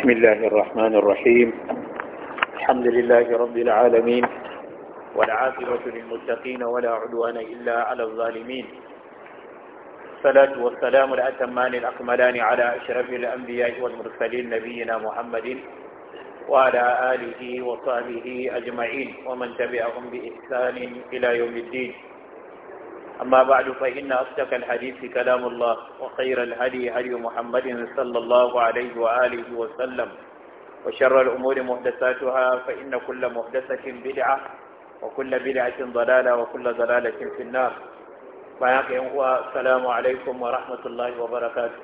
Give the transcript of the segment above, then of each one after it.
بسم الله الرحمن الرحيم الحمد لله رب العالمين والعافية للمتقين ولا عدوان إلا على الظالمين الصلاة والسلام الأتمان الأكملان على أشرف الأنبياء والمرسلين نبينا محمد وعلى آله وصحبه أجمعين ومن تبعهم بإحسان إلى يوم الدين أما بعد فإن أصدق الحديث كلام الله وخير الهدي هدي محمد صلى الله عليه وآله وسلم وشر الأمور محدثاتها فإن كل محدثة بدعة وكل بدعة ضلالة وكل ضلالة في النار فياقي هو السلام عليكم ورحمة الله وبركاته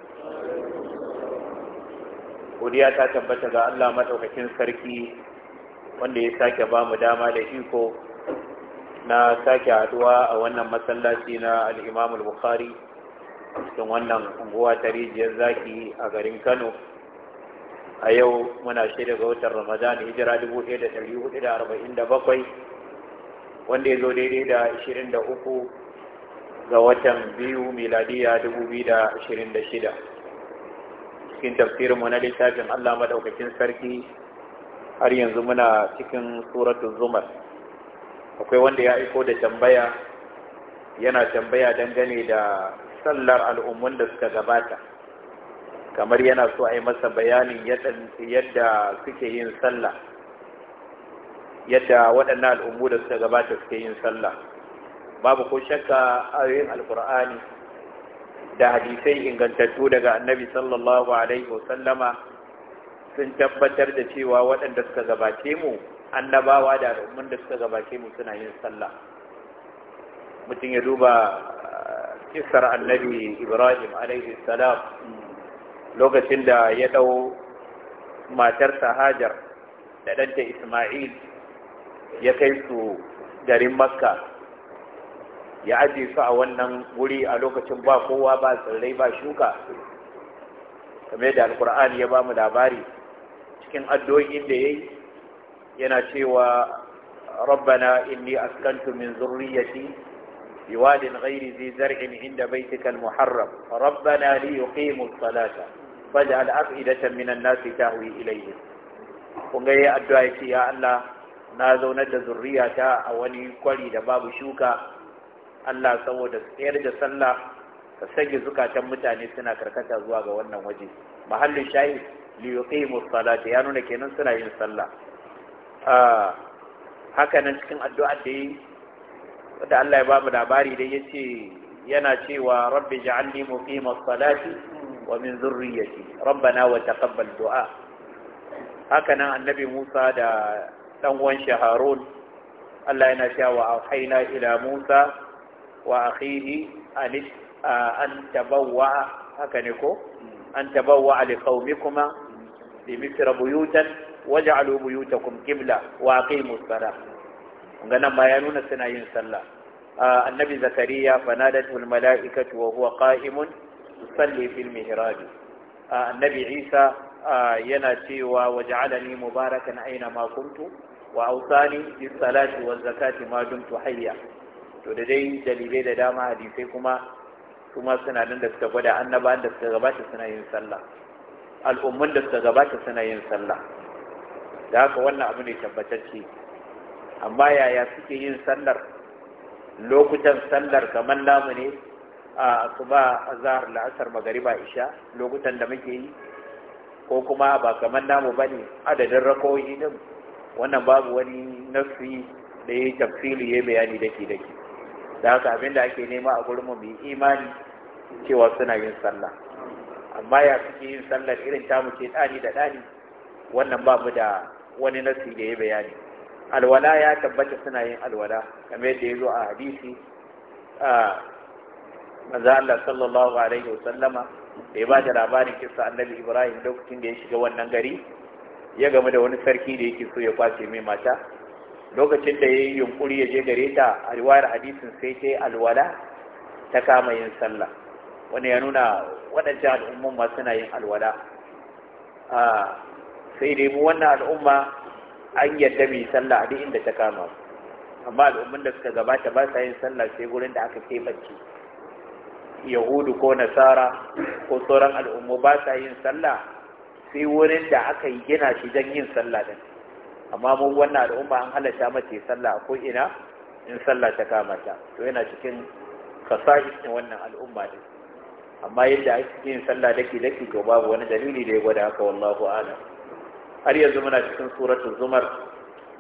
وديا تثبت ga Allah madaukakin sarki wanda ya sake ba mu dama da iko na sake haduwa a wannan masallaci na al'imam al-bukhari cikin wannan unguwa ta rijiyar zaki a garin kano a yau muna shirya ga watan ramadan hijira 1447 wanda ya zo daidai da 23 ga watan biyu miladiya 2026 cikin mu na littafin allah maɗaukakin sarki har yanzu muna cikin suratun zumar akwai wanda ya aiko da tambaya yana tambaya dangane da sallar al'ummun da suka gabata kamar yana so a yi masa bayanin yadda suke yin sallah yadda waɗannan al'ummu da suka gabata suke yin sallah babu ko shakka ayoyin alkur'ani da hadisai ingantattu daga annabi sallallahu alaihi wasallama sun tabbatar da cewa waɗanda suka gabace mu annabawa da al'umman da suka gabace mu suna yin sallah mutum ya duba uh, kisar annabi ibrahim alaihi salam lokacin da ya dau matarsa hajar da danta isma'il ya kai su garin makka ya ajiye su a wannan wuri a lokacin ba kowa ba tsirrai ba shuka kamar da alkur'ani ya ba mu labari cikin addu'o'in da ya yi yana cewa rabbana inni askantu min zurriyati biwadin ghairi zi zar'in inda baitika al-muharram rabbana li yuqimu as-salata faj'al af'idatan min an-nasi tahwi ilayhim kun ga yayi addu'a yace ya Allah na zaunar da zurriyata a wani kwari da babu shuka Allah saboda tsayar da sallah ka sage zukatan mutane suna karkata zuwa ga wannan waje mahallin shayi li yuqimu as-salata ya nuna kenan suna yin sallah haka nan cikin addu'ar da yi wadda Allah ya ba mu labari da ya ce yana cewa rabbi ja'alni muqimas salati wa min zurriyyati rabbana wa taqabbal du'a haka nan annabi Musa da ɗan uwan Harun Allah yana cewa wa auhayna ila Musa wa akhihi an tabawwa haka ne ko an tabawwa li qaumikuma bi misra buyutan waj'alu buyutakum qibla wa aqimus salah kunga ma ya nuna suna yin sallah annabi zakariya fanadatul al mala'ikatu wa huwa qa'imun yusalli fil mihrab annabi isa yana cewa waj'alani mubarakan aina ma kuntu wa awsani bis salati waz zakati ma dumtu hayya to da dai dalilai da dama hadisai kuma kuma suna nan da suka gwada annabawan da suka gabata suna yin sallah al'umman da suka gabata suna yin sallah da haka wannan abu ne tabbatacce amma yaya suke yin sallar lokutan sallar kamar namu ne a asuba azhar la'asar magariba isha lokutan da muke yi ko kuma ba kamar namu ne, adadin rakoyi din wannan babu wani nafi da ya tafsili ya bayani dake dake da haka abinda ake nema a gurin mu bi imani cewa suna yin sallah amma ya suke yin sallar irin tamu ce dani da dani wannan babu da wani nasi da ya bayani alwala ya tabbata suna yin alwala kamar yadda ya zo a hadisi a maza Allah sallallahu alaihi wasallama da ya ba da labarin kisa annabi ibrahim lokacin da ya shiga wannan gari ya game da wani sarki da yake so ya kwace mai mata lokacin da ya yi yunkuri ya je gare ta a riwayar hadisin sai ta yi alwala ta kama yin sallah wani ya nuna waɗancan al'umman ma suna yin alwala sai dai mu wannan al'umma an yadda mai sallah a duk inda ta kama amma al'umman da suka gabata ba sa yin sallah sai gurin da aka keɓance yahudu ko nasara ko sauran al'umma ba sa yin sallah sai wurin da aka yi gina shi don yin sallah din amma mu wannan al'umma an halasta mace sallah ko ina in sallah ta kama ta to yana cikin kasa'is ne wannan al'umma din amma yadda ake yin sallah daki daki to babu wani dalili da ya gwada haka wallahu a'lam har yanzu muna cikin suratun zumar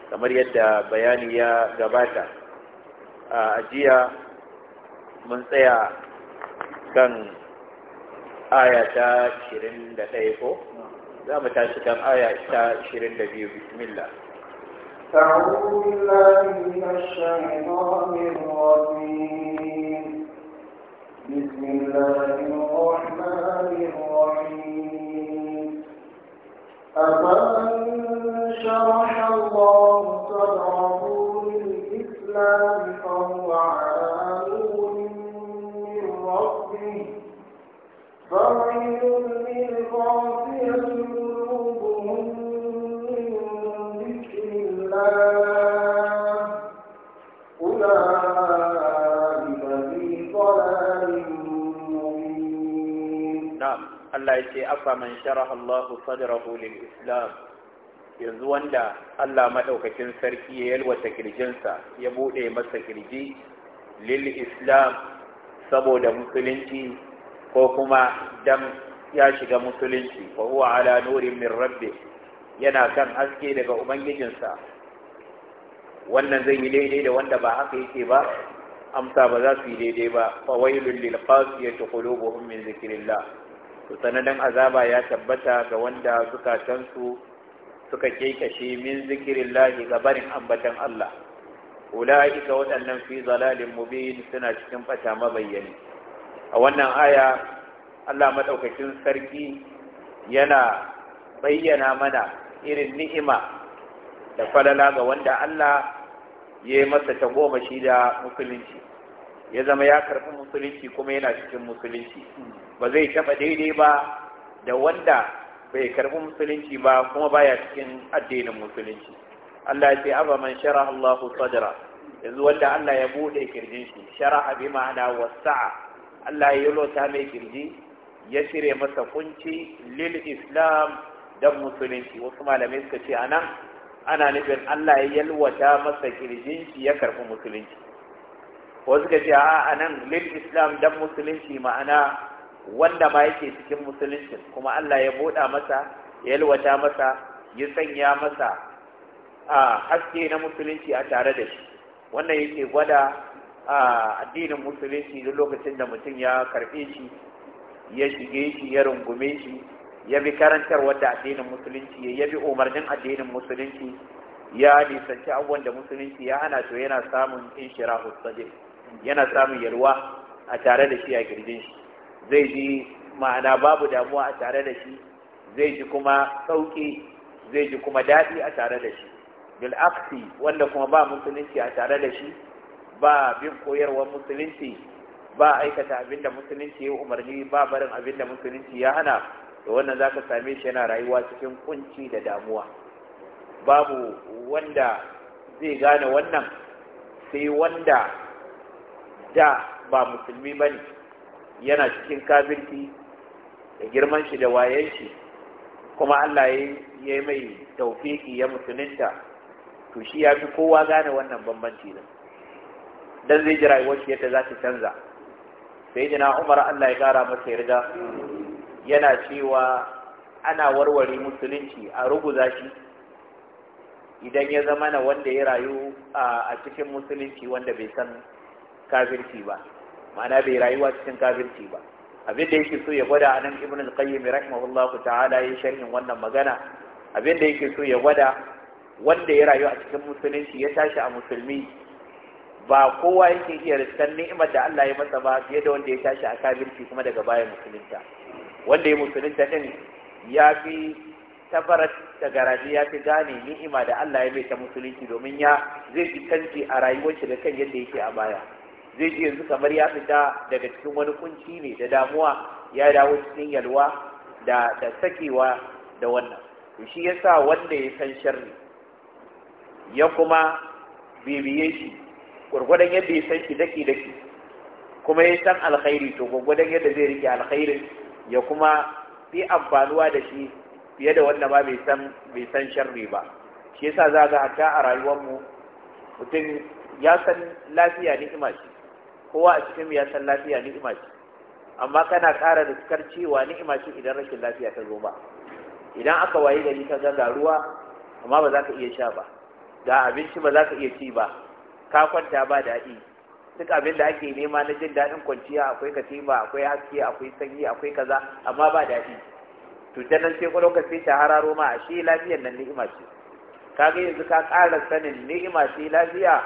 kamar yadda bayani ya gabata a ajiya, mun tsaya kan aya ta 21 ko za mu tashi kan aya ta 22 bismillah أعوذ بالله من الشيطان الرجيم بسم الله الرحمن الرحيم شرح الله صدره للإسلام فهو على من ربه فويل للغافية قلوبهم من ذكر الله أولئك في ضلال مبين نعم الله يتي أفمن شرح الله صدره للإسلام yanzu wanda Allah maɗaukakin sarki ya yalwata kirjinsa ya buɗe masa kirji lil islam saboda musulunci ko kuma dam ya shiga musulunci ko huwa ala nurin min rabbi yana kan haske daga ubangijinsa wannan zai yi daidai da wanda ba haka yake ba amsa ba za su yi daidai ba fa wailul lil qasiyati qulubuhum min zikrillah to sanadan azaba ya tabbata ga wanda zukatansu suka kekashe min zikirin lahi ga barin ambatan Allah ka waɗannan fi zalalin mubin suna cikin ɓata mabayyani a wannan aya Allah maɗaukakin sarki yana bayyana mana irin ni'ima da falala ga wanda Allah ya masa goma shi da musulunci ya zama ya karɓi musulunci kuma yana cikin musulunci ba zai taɓa daidai ba da wanda bai karbi musulunci ba kuma baya cikin addinin musulunci Allah ya ce aba man sharaha Allah sadra yanzu wanda Allah ya bude kirjin shi sharaha bi ma'ana wasa'a Allah ya yalota mai kirji ya shirye masa kunci lil islam dan musulunci wasu malamai suka ce anan ana nufin Allah ya yalwata masa kirjin shi ya karbi musulunci wasu suka ce a anan lil islam dan musulunci ma'ana wanda ma yake cikin musulunci kuma Allah ya buɗa masa ya yalwata masa ya sanya masa a haske na musulunci a tare da shi wannan yake gwada a addinin musulunci duk lokacin da mutum ya karɓe shi ya shige shi ya rungume shi ya bi karantar wadda addinin musulunci ya bi umarnin addinin musulunci ya nisanci abubuwan da musulunci ya hana to yana samun inshirahu sadiq yana samun yalwa a tare da shi a girgin shi zai ji ma'ana babu damuwa a tare da shi zai ji kuma sauƙi zai ji kuma daɗi a tare da shi bil'aksi wanda kuma ba musulunci a tare da shi ba bin koyarwar musulunci ba aikata abin da musulunci ya umarni ba barin abin da musulunci ya hana da wannan za ka same shi yana rayuwa cikin kunci da damuwa babu wanda zai gane wannan sai wanda da ba musulmi ba ne yana cikin kafirci da girman shi da wayen shi kuma Allah ya yi mai taufiki ya musulunta to shi ya fi kowa gane wannan bambanci da dan zai ji rayuwar shi yadda za ta canza sai jina Umar Allah ya kara masa yarda yana cewa ana warware musulunci a ruguza shi idan ya zama na wanda ya rayu a cikin musulunci wanda bai san kafirci ba ma'ana bai rayuwa cikin kafirci ba abin da yake so ya gwada anan ibn al-qayyim rahimahullah ta'ala ya sharhin wannan magana abin da yake so ya gwada wanda ya rayu a cikin musulunci ya tashi a musulmi ba kowa yake iya riskan ni'imar da Allah ya masa ba fiye da wanda ya tashi a kafirci kuma daga baya musulunta wanda ya musulunta din ya fi tabarat da garaji ya fi gane ni'ima da Allah ya mai ta musulunci domin ya zai fi canji a rayuwar shi da kan yadda yake a baya zai ji yanzu kamar ya fita daga cikin wani kunci ne da damuwa ya dawo cikin yalwa da da sakewa da wannan to shi yasa wanda ya san sharri ya kuma bibiye shi gurgurdan yadda ya san shi daki daki kuma ya san alkhairi to gurgurdan yadda zai rike alkhairin ya kuma fi amfanuwa da shi fiye da wanda ba bai san bai san sharri ba shi yasa za ga hatta a rayuwar mu mutum ya san lafiya ni'ima shi? kowa a cikin ya san lafiya ni'ima ce amma kana ƙara riskar cewa ni'ima ce idan rashin lafiya ta zo ba idan aka waye gari ka ga ruwa amma ba za ka iya sha ba ga abinci ba za ka iya ci ba ka kwanta ba daɗi duk abin da ake nema na jin daɗin kwanciya akwai katifa akwai haske akwai sanyi akwai kaza amma ba daɗi to dan nan sai ka sai ta hararo ma a shi lafiyar nan ni'ima ce kaga yanzu ka ƙara sanin ni'ima ce lafiya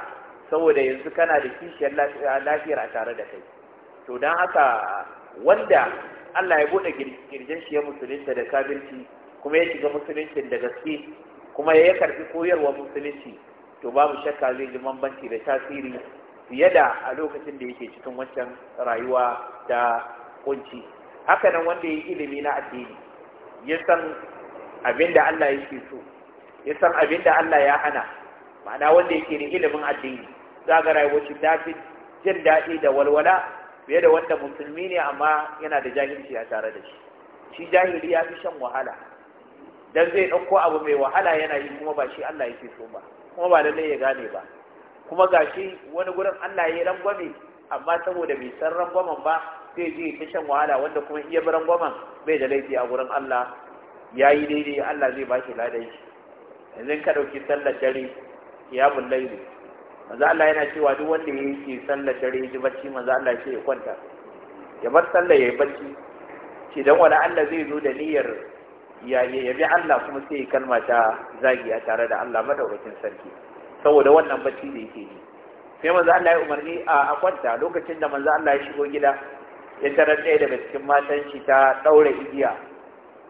saboda yanzu kana da kishiyar lafiyar a tare da kai to don haka wanda Allah ya bude girgin shi ya musulunta da kabirci, kuma ya shiga musulunci da gaske kuma ya karfi koyarwa musulunci to babu shakka zai ji bambanci da tasiri fiye da a lokacin da yake cikin wancan rayuwa da kunci haka nan wanda ya yi ilimi na addini ya san abin da Allah yake so ya san abin da Allah ya hana ma'ana wanda yake da ilimin addini za ga shi ta fi jin daɗi da walwala fiye da wanda musulmi ne amma yana da jahilci a tare da shi shi jahili ya fi shan wahala dan zai ɗauko abu mai wahala yana yi kuma ba shi Allah yake so ba kuma ba lallai ya gane ba kuma gashi wani gurin Allah ya yi rangwame amma saboda bai san rangwamen ba zai je ta shan wahala wanda kuma iya bi rangwamen bai da laifi a gurin Allah ya yi daidai Allah zai ba shi ladai yanzu ka ɗauki sallar dare ya mun maza Allah yana cewa duk wanda ya yi sallar dare ji bacci maza Allah ce ya kwanta ya bar sallar ya yi bacci ce dan wani Allah zai zo da niyyar ya bi Allah kuma sai kalma ta zagi zagiya tare da Allah madaukakin sarki saboda wannan bacci da yake yi sai maza Allah ya umarni a kwanta lokacin da maza Allah ya shigo gida ya tarar ɗaya daga cikin matan shi ta ɗaura igiya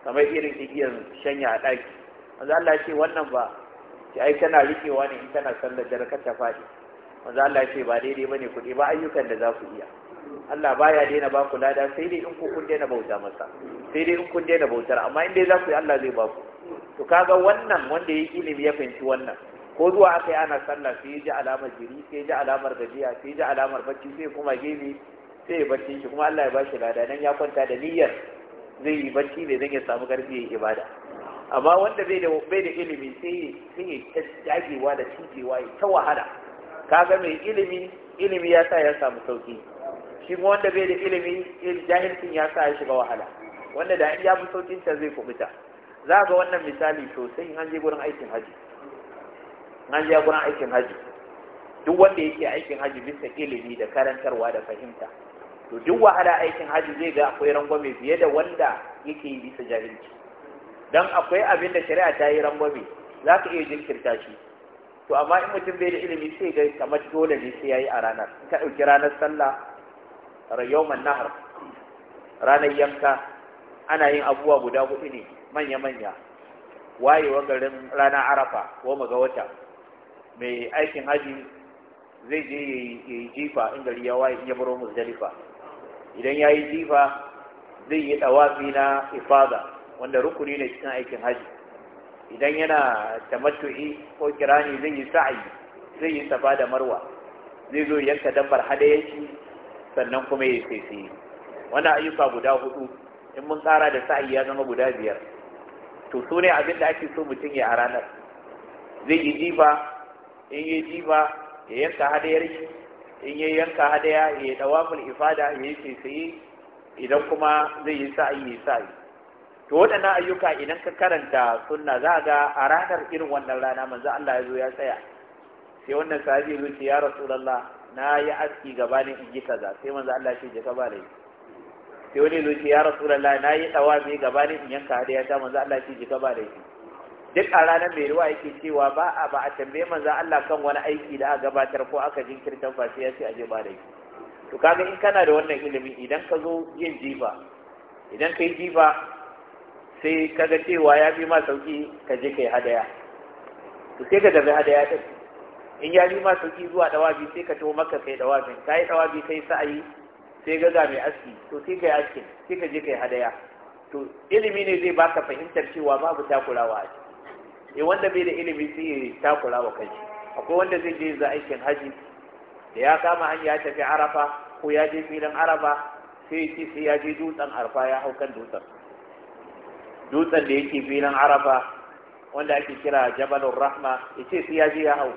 kamar irin igiyar shanya a ɗaki maza Allah ya ce wannan ba ki ai kana rikewa ne in kana sallar da raka ta faɗi manzo Allah ya ce ba daidai bane ku ba ayyukan da za ku iya Allah baya daina ba ku lada sai dai in ku kun daina bauta masa sai dai in kun daina bautar amma in dai za ku yi Allah zai ba ku to kaga wannan wanda ya ilimi ya fahimci wannan ko zuwa aka yi ana sallah sai ya ji alamar jiri sai ya ji alamar gajiya sai ya ji alamar bacci sai kuma gefe sai ya bacci shi kuma Allah ya ba shi lada nan ya kwanta da niyyar zai yi bacci ne zan ya samu karfi ya yi ibada amma wanda bai da bai da ilimi sai sai ta dagewa da cijewa ya ta wahala kaga mai ilimi ilimi ya sa ya samu sauki shi kuma wanda bai da ilimi jahilcin ya sa ya shiga wahala wanda da ya fi saukin ta zai kubuta za ga wannan misali sosai an je gurin aikin haji an je gurin aikin haji duk wanda yake aikin haji bisa ilimi da karantarwa da fahimta to duk wahala aikin haji zai ga akwai rangwame fiye da wanda yake yi bisa jahilci dan akwai abin da shari'a ta yi rangwame za ka iya jinkirta shi to amma in mutum bai da ilimi sai ga kamar dole ne sai yayi a ranar ka ɗauki ranar sallah yawman nahar ranar yanka ana yin abubuwa guda hudu ne manya-manya wayewa garin ranar arafa goma ga wata mai aikin haji zai je ya yi jifa in gari ya waye ya baro idan ya yi jifa zai yi ɗawafi na ifada wanda rukuni ne cikin aikin haji idan yana tamattu'i ko kirani zai yi sa'i zai yi safa da marwa zai zo yanka dabbar hadayenci sannan kuma ya sai wannan ayyuka guda hudu in mun tsara da sa'i ya zama guda biyar to su ne abin da ake so mutum ya a ranar zai yi jiba in yi jiba ya yanka hadayar shi in yi yanka hadaya ya yi dawamul ifada ya yi sai idan kuma zai yi sa'i ya yi sa'i to waɗannan ayyuka idan ka karanta sunna za ga a ranar irin wannan rana manzo Allah ya zo ya tsaya sai wannan sahabi ya ce ya rasulullah na yi aski gabanin in yi kaza sai manzo Allah ya ce je ka ba sai wani zo ce ya rasulullah na yi dawabi gabanin in yanka ya ta manzo Allah ya ce je ka ba lai duk a ranar mai ruwa yake cewa ba a ba a tambaye manzo Allah kan wani aiki da aka gabatar ko aka jinkirtan fa sai ya ce a je ba lai to kaga in kana da wannan ilimi idan ka zo yin jifa idan kai jifa sai kaga cewa ya fi ma sauki ka je kai hadaya to sai ka tafi hadaya ta. in ya fi ma sauki zuwa dawabi sai ka taho maka kai dawabin kai dawabi kai sa'ayi sai ga ga mai aski to sai kai aski sai ka je kai hadaya to ilimi ne zai baka fahimtar cewa babu takurawa a ciki eh, wanda bai da ilimi sai ya takurawa kanshi akwai wanda zai je za aikin haji da ya kama hanya ya tafi arafa ko ya je filin arafa sai ya ce sai ya je dutsen arfa ya hau kan dutsen dutsen da yake filin arafa wanda ake kira jabalun rahma ce sai ya je ya hau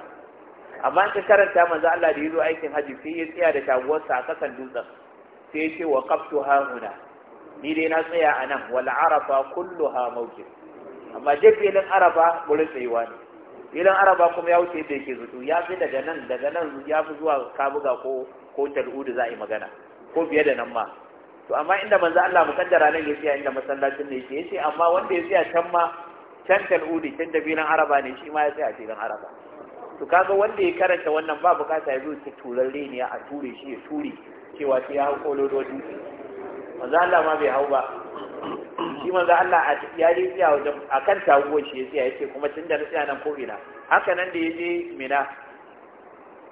amma in karanta manzo Allah da yazo aikin haji sai ya tsaya da tabuwarsa a kasan dutsen sai ya ce wa qaftu hahuna ni dai na tsaya a nan wal arafa kulluha mawqif amma dai filin arafa gurin tsayuwa ne filin arafa kuma ya wuce da yake zutu ya fi daga nan daga nan ya fi zuwa kabuga ko ko tal'udu za a yi magana ko biye da nan ma to amma inda manzo Allah mukaddara nan ya inda masallacin ne yake yace amma wanda ya can ma can tal'udi can da binan araba ne shi ma ya a filin araba to kaga wanda ya karanta wannan ba bukata ya zo ta turarre ne a ture shi ya ture cewa sai ya hauko kololo dutse manzo Allah ma bai hau ba shi manzo Allah ya yi tsaya wajen akan taguwa shi ya yace kuma tun da na tsaya nan ko ina haka nan da ya je Mina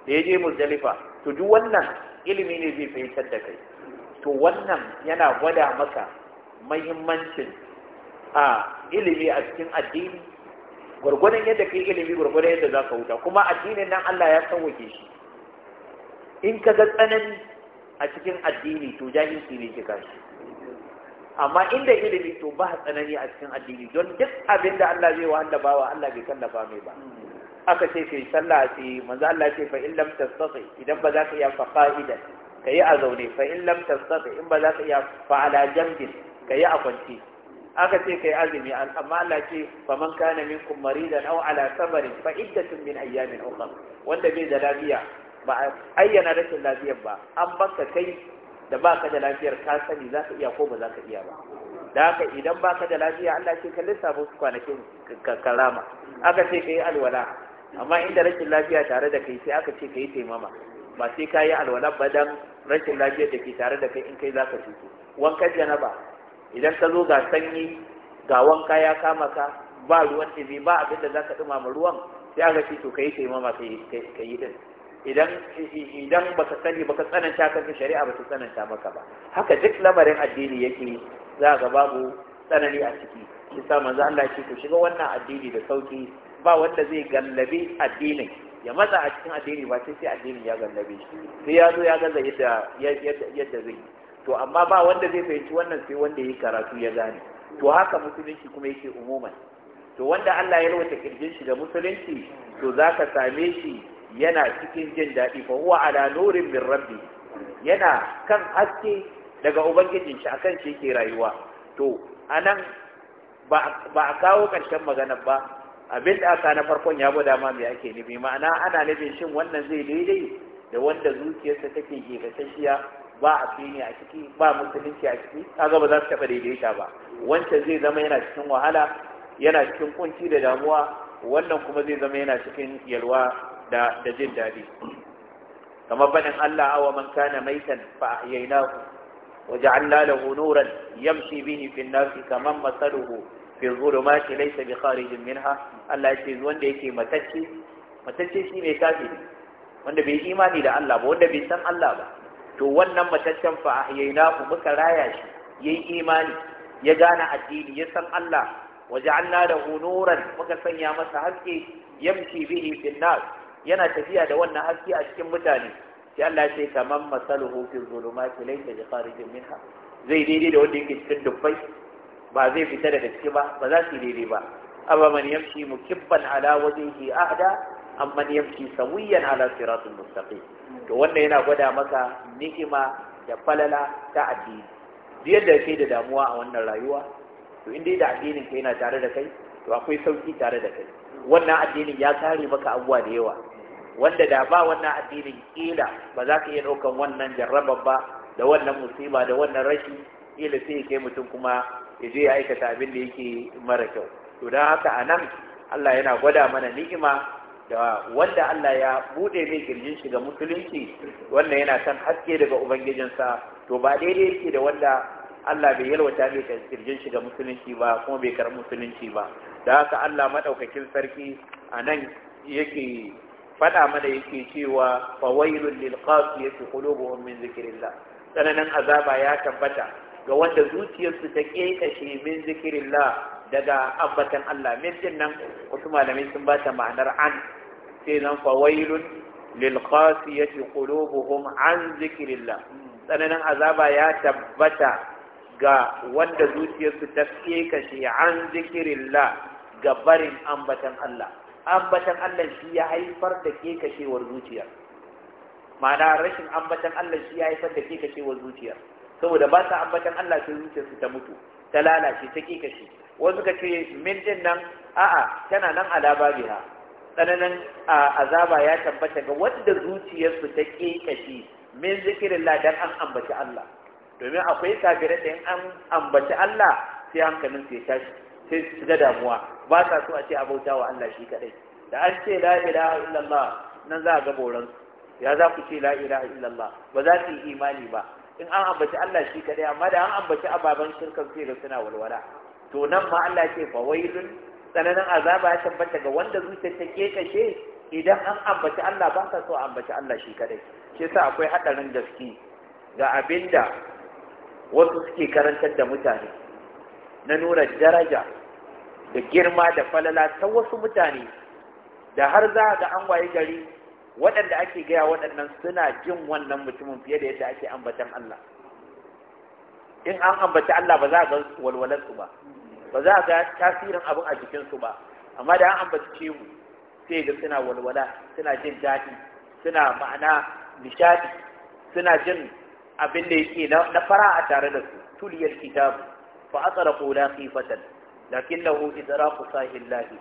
da ya Muzdalifa to duk wannan ilimi ne zai fahimtar da kai to wannan yana gwada maka mahimmancin a ilimi a cikin addini gwargwadon yadda kai ilimi gwargwadon yadda za ka huta kuma addinin nan Allah ya sauwake shi in ka ga tsanani a cikin addini to jahilci ne ke kashi amma inda ilimi to ba tsanani a cikin addini don duk abin da Allah zai wahala ba wa Allah bai kallafa mai ba aka ce kai sallah ce manzo Allah ce fa in lam idan ba za ka iya fa qa'idan kayi yi a zaune fa in lam tastati in ba za ka iya fa ala jambi ka a kwanci aka ce kai azumi amma Allah ce fa man kana minkum maridan aw ala safarin fa iddatun min ayyamin ukhra wanda bai da lafiya ba ayyana rashin lafiyar ba an baka kai da baka da lafiyar ka sani za ka iya ko ba za ka iya ba da haka idan baka da lafiya Allah ce ka lissafo su kwanakin karama aka ce kai alwala amma inda rashin lafiya tare da kai sai aka ce kai taimama ba sai ka yi alwala ba dan rashin lafiyar da ke tare da kai in kai za ka cutu wankan janaba idan ka zo ga sanyi ga wanka ya kama ka ba ruwan ɗumi ba abin da za ka ɗumama ruwan sai aka ce to ka yi taimama ka yi ɗin idan idan baka sani baka tsananta kanka shari'a ba ta tsananta maka ba haka duk lamarin addini yake za ka babu tsanani a ciki shi sa manzo Allah ya ce ku shiga wannan addini da sauki ba wanda zai gallabi addinin ya matsa a cikin addini ba sai sai addini ya gallabe shi sai ya zo ya gaza yadda zai to amma ba wanda zai fahimci wannan sai wanda ya karatu ya gane to haka musulunci kuma yake umuman to wanda Allah ya rawata kirjin shi da musulunci to zaka same shi yana cikin jin daɗi fa huwa ala nurin min rabbi yana kan haske daga ubangijin shi akan shi yake rayuwa to anan ba a kawo karshen magana ba abin da aka na farkon ya gwada ma mai ake nufi ma'ana ana nufin shin wannan zai daidai da wanda zuciyarsa take ke tashiya ba a fini a ciki ba musulunci a ciki kaga ba za su taɓa daidaita ba wancan zai zama yana cikin wahala yana cikin kunci da damuwa wannan kuma zai zama yana cikin yalwa da da jin daɗi kamar banin Allah awa man kana maitan fa ahyaynahu وجعلنا lahu nuran yamshi bihi في nasi كمن masaluhu fi zulumati laysa bi kharijin minha Allah ce wanda yake matacce matacce shine kafiri wanda bai imani da Allah ba wanda bai san Allah ba to wannan mataccen fa ahyaynahu muka raya shi yayi imani ya gane addini ya san Allah waja'alna lahu nuran muka sanya masa haske yamshi bihi fil nas yana tafiya da wannan haske a cikin mutane sai Allah ya kaman masaluhu fi zulumati laysa bi kharijin minha zai daidai da wanda yake cikin dubbai ba zai fita daga ciki ba ba za su daidai ba amma man yamshi mukibban ala wajhihi ahda amma yamshi sawiyan ala siratul mustaqim to wannan yana gwada maka ni'ima da falala ta addini duk yadda kai da damuwa a wannan rayuwa to in dai da addinin ka yana tare da kai to akwai sauki tare da kai wannan addinin ya kare maka abuwa da yawa wanda da ba wannan addinin kila ba za ka iya ɗaukan wannan jarrabar ba da wannan musiba da wannan rashi kila sai kai mutum kuma ya je ya aikata abin da yake mara kyau to don haka a nan Allah yana gwada mana ni'ima da wanda Allah ya buɗe mai kirjin shi ga musulunci wannan yana kan haske daga ubangijinsa to ba daidai yake da wanda Allah bai yalwata mai kirjin shi ga musulunci ba kuma bai karɓi musulunci ba da haka Allah maɗaukakin sarki a nan yake faɗa mana yake cewa fawailun lil qasiyati qulubuhum min zikrillah tsananin azaba ya tabbata ga wanda zuciyarsu ta kekashe min zikirin la daga ambatan Allah min din nan wasu malamai sun ba ta ma'anar an sai nan fa wailun lil qasiyati qulubuhum an zikirillah tsananin azaba ya tabbata ga wanda zuciyarsu ta kekashe an zikirillah ga barin ambatan Allah ambatan Allah shi ya haifar da kekashewar zuciya ma'ana rashin ambatan Allah shi ya haifar da kekashewar zuciya saboda ba sa ambatan Allah sai su ta mutu ta lalace ta kika shi wasu ka ce min din nan a'a tana nan alaba biha tsananin azaba ya tabbata ga wanda zuciyarsu ta kika shi min zikirillah dan an ambaci Allah domin akwai kafirai da an ambaci Allah sai hankalin su tashi sai su ga damuwa ba sa so a ce a bauta wa Allah shi kadai da an ce la ilaha illallah nan za a ga boran ya za ku ce la ilaha illallah ba za su yi imani ba in an ambaci Allah shi kadai amma da an ambaci ababen shirkan sai da suna walwala to nan ma Allah ce fa wailun tsananin azaba ya tabbata ga wanda zuciyar ta kekashe idan an ambaci Allah ba sa so ambaci Allah shi kadai shi yasa akwai hadarin gaske ga abinda wasu suke karantar da mutane na nuna daraja da girma da falala ta wasu mutane da har za ga an waye gari waɗanda ake gaya waɗannan suna jin wannan mutumin fiye da yadda ake ambatan Allah in an ambaci Allah ba za a ga walwalarsu ba ba za a ga tasirin abin a jikinsu ba amma da an ambaci cewu sai da suna walwala suna jin daɗi suna ma'ana nishadi suna jin abin da yake na fara a tare da su tuliyar kitab fa aqra qula khifatan lakinnahu idraqu sahillahi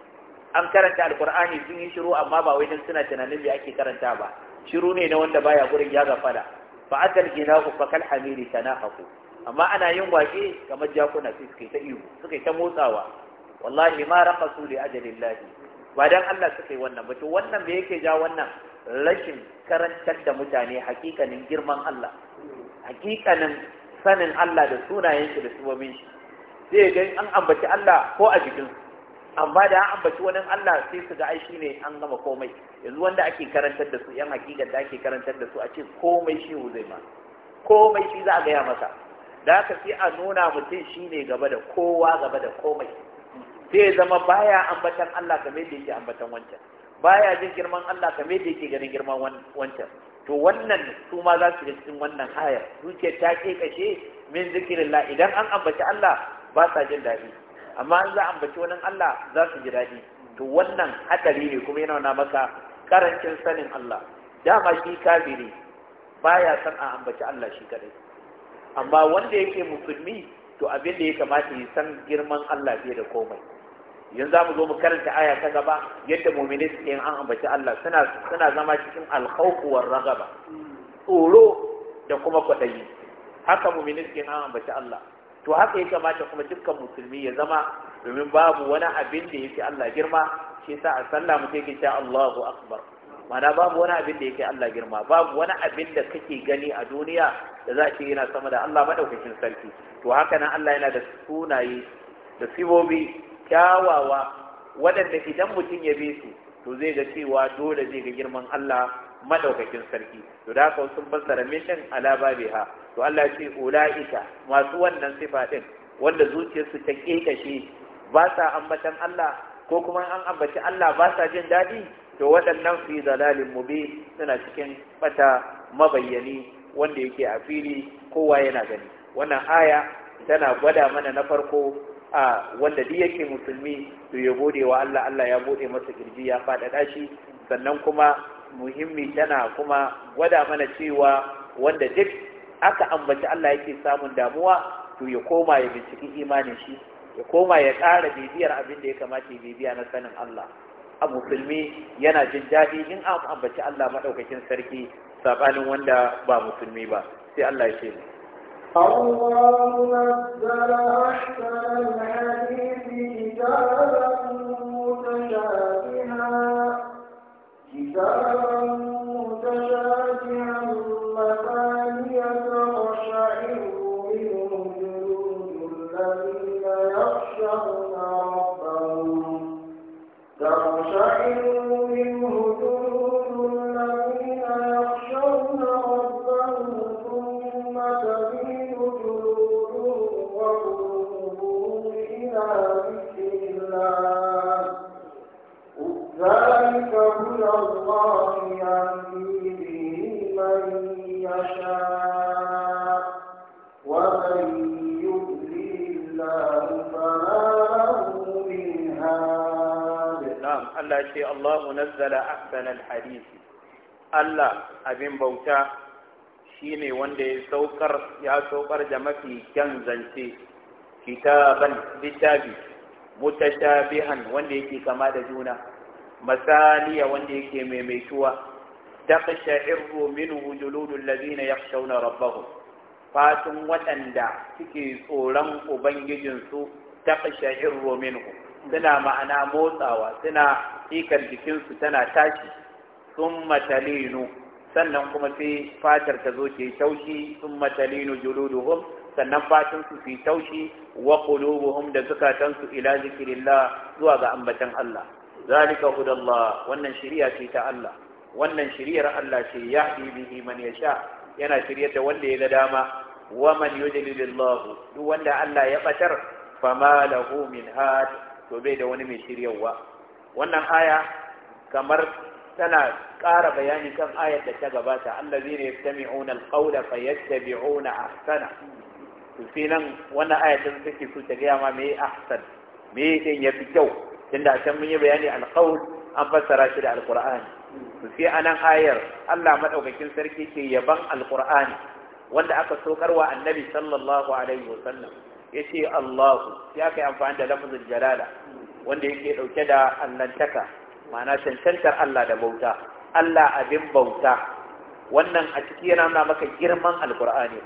an karanta alkur'ani sun yi shiru amma ba wai suna tunanin me ake karanta ba shiru ne na wanda baya gurin ya fada fa atal ginahu fa kal hamiri tanahaku amma ana yin waƙe kamar jakuna sai suka yi ta iyo, suka yi ta motsawa wallahi ma raqasu li ajalillahi ba dan Allah suka yi wannan ba to wannan me yake ja wannan rashin karantar da mutane hakikanin girman Allah hakikanin sanin Allah da sunayen shi da sumomin shi sai ga an ambaci Allah ko a jikinsu amma da an ambaci wani Allah sai su ga ai ne an gama komai yanzu wanda ake karantar da su yan hakika da ake karantar da su a ce komai shi zai ma komai shi za a gaya masa da haka sai a nuna mutum shine gaba da kowa gaba da komai sai zama baya ambatan Allah kamar da yake ambatan wancan baya jin girman Allah kamar da yake ganin girman wancan to wannan su ma za su cikin wannan ayar zuciyar ta ke kashe min zikirillah idan an ambaci Allah ba sa jin daɗi amma in za a ambaci wani Allah za su ji daɗi to wannan hadari ne kuma yana nuna maka karancin sanin Allah dama shi kafiri baya san a ambaci Allah shi kadai amma wanda yake musulmi to abin da ya kamata ya san girman Allah fiye da komai yanzu za mu zo mu karanta aya ta gaba yadda mu'mini suke an ambaci Allah suna suna zama cikin alkhawf war ragaba tsoro da kuma kwaɗayi, haka mu'mini suke an ambaci Allah to haka ya kamata kuma dukkan musulmi ya zama domin babu wani abin da yake Allah girma shi yasa a sallah mutum yake cewa Allahu akbar mana babu wani abin da yake Allah girma babu wani abin da kake gani a duniya da za ce yana sama da Allah madaukakin sarki to haka nan Allah yana da sunaye da sibobi kyawawa waɗanda idan mutum ya bi su to zai ga cewa dole zai ga girman Allah madaukakin sarki to da haka sun fassara min ala babiha to Allah ya ce ulaika masu wannan sifa din wanda zuciyarsu ta kekashe ba sa ambatan Allah ko kuma an ambaci Allah ba sa jin dadi to waɗannan fi dalalin mubi suna cikin bata mabayyani wanda yake a fili kowa yana gani wannan aya tana gwada mana na farko a wanda duk yake musulmi to ya gode wa Allah Allah ya bude masa kirji ya faɗaɗa shi sannan kuma muhimmi tana kuma gwada mana cewa wanda duk aka ambaci Allah yake samun damuwa to ya koma ya binciki imanin shi ya koma ya ƙara bibiyar abin da ya kamata ya bibiya na sanin Allah a musulmi yana jin daɗi in an ambaci Allah maɗaukakin sarki saɓanin wanda ba musulmi ba sai Allah ya ce الله نزل أحسن الحديث كتابا كتاب alhadisi hadisi Allah abin bauta shine wanda ya saukar ya saukar da mafi kyan zance kitaban littafi mutashabihan wanda yake kama da juna masaliya wanda yake maimaituwa taqsha'iru min juludul ladina yakhshawna rabbahum fatun waɗanda suke tsoron ubangijinsu taqsha'iru minhu suna ma'ana motsawa suna ikar jikinsu tana tashi sun matalinu sannan kuma sai fatar ta zo ke taushi sun matalinu juluduhum sannan fatan su fi taushi wa qulubuhum da zukatansu ila zikirillah, zuwa ga ambatan Allah zalika hudallah wannan shari'a ce ta Allah wannan shari'ar Allah ce yahdi bihi man yasha yana shiryar da wanda ya ga dama wa man yudlilillahu duk wanda Allah ya batar fama lahu min had to bai da wani mai shiryawa wannan aya kamar tana ƙara bayani kan ayar da ta gabata allazina yastami'una alqawla fayattabi'una ahsana to sai nan wannan aya ta take so ta gaya ma me ahsan me din yafi kyau tunda can mun yi bayani alqawl an fassara shi da alqur'ani to sai anan ayar Allah madaukakin sarki ke yaban alqur'ani wanda aka sokarwa annabi sallallahu alaihi wasallam ya ce Allahu ya kai amfani da lafazin jalala wanda yake ɗauke da allantaka ma'ana cancantar Allah da bauta Allah abin bauta wannan a ciki yana nuna maka girman alkur'ani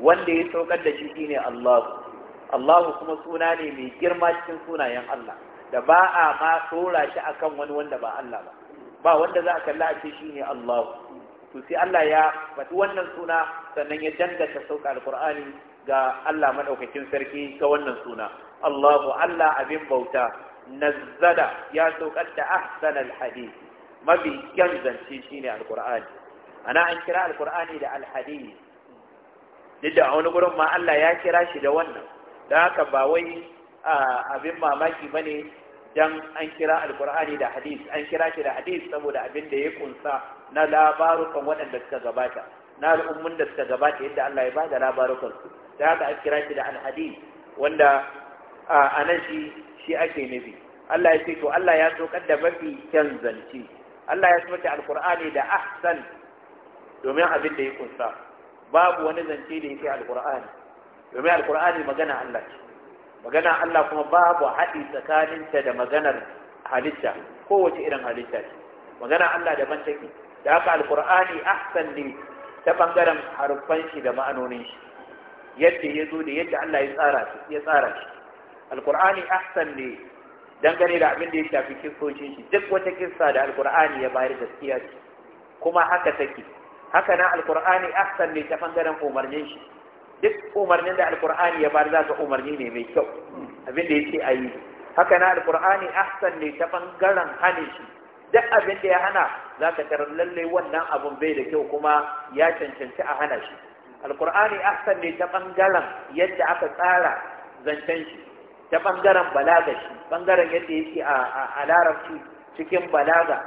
wanda ya saukar da shi ne Allahu Allahu kuma suna ne mai girma cikin sunayen Allah da ba a ma tsora shi akan wani wanda ba Allah ba ba wanda za a kalla a ce ne Allahu to sai Allah ya faɗi wannan suna sannan ya danganta sauka alkur'ani ga Allah maɗaukacin sarki ga wannan suna Allahu Allah abin bauta nazzala ya saukar da ahsan alhadith mafi kyan zance shine alqur'ani ana an kira alqur'ani da alhadith duk da wani gurin ma Allah ya kira shi da wannan da haka ba wai abin mamaki ba ne dan an kira alqur'ani da hadith an kira shi da hadis saboda abin da ya kunsa na labarukan waɗanda suka gabata na al'ummun da suka gabata yadda Allah ya ba da labarukan su da haka a kira shi da alhadid wanda a nan shi shi ake nufi Allah ya ce to Allah ya so da mafi kyan zance Allah ya so alqur'ani da ahsan domin abin da ya kunsa babu wani zance da yake alqur'ani domin alqur'ani magana Allah ce magana Allah kuma babu haɗi tsakaninta da maganar halitta kowace irin halitta ce magana Allah daban take da haka alqur'ani ahsan ne ta bangaren haruffan shi da ma'anonin shi yadda ya zo da yadda Allah ya tsara shi ya tsara shi alqur'ani ahsan ne dangane da abin da ya shafi kissocin shi duk wata kissa da alqur'ani ya bayar gaskiya ce kuma haka take haka na alqur'ani ahsan ne ta bangaren umarnin shi duk umarnin da alqur'ani ya bayar zaka umarni ne mai kyau abin da ya ce a yi. haka na alqur'ani ahsan ne ta bangaren hanin shi duk abin da ya hana zaka tarar lalle wannan abun bai da kyau kuma ya cancanci a hana shi alkur'ani ahsan ne ta bangaren yadda aka tsara zancen shi ta bangaren balaga shi bangaren yadda yake a larabci cikin balaga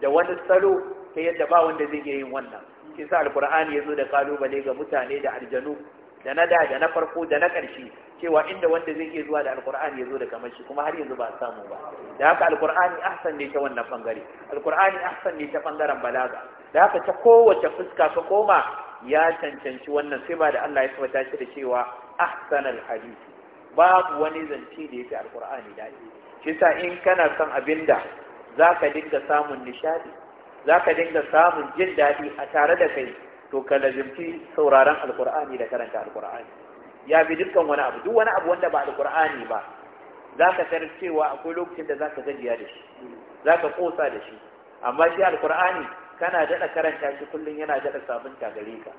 da wani salo ta yadda ba wanda zai iya yin wannan shi sa alkur'ani ya zo da kalubale ga mutane da aljanu da na da da na farko da na ƙarshe cewa inda wanda zai iya zuwa da alkur'ani ya zo da kamar shi kuma har yanzu ba a samu ba da haka alkur'ani ahsan ne ta wannan bangare alkur'ani ahsan ne ta bangaren balaga da haka ta kowace fuska ka koma ya cancanci wannan sai ba da Allah ya tabbata shi da cewa ahsanal hadisi babu wani zance da yafi alqur'ani dadi shi sa in kana son abinda zaka dinga samun nishadi zaka dinga samun jin dadi a tare da kai to ka lazimci sauraron alqur'ani da karanta alqur'ani ya bi dukkan wani abu duk wani abu wanda ba alqur'ani ba zaka tarar cewa akwai lokacin da zaka gajiya da shi zaka kosa da shi amma shi alqur'ani kana daɗa karanta shi kullum yana daɗa sabunta gare ka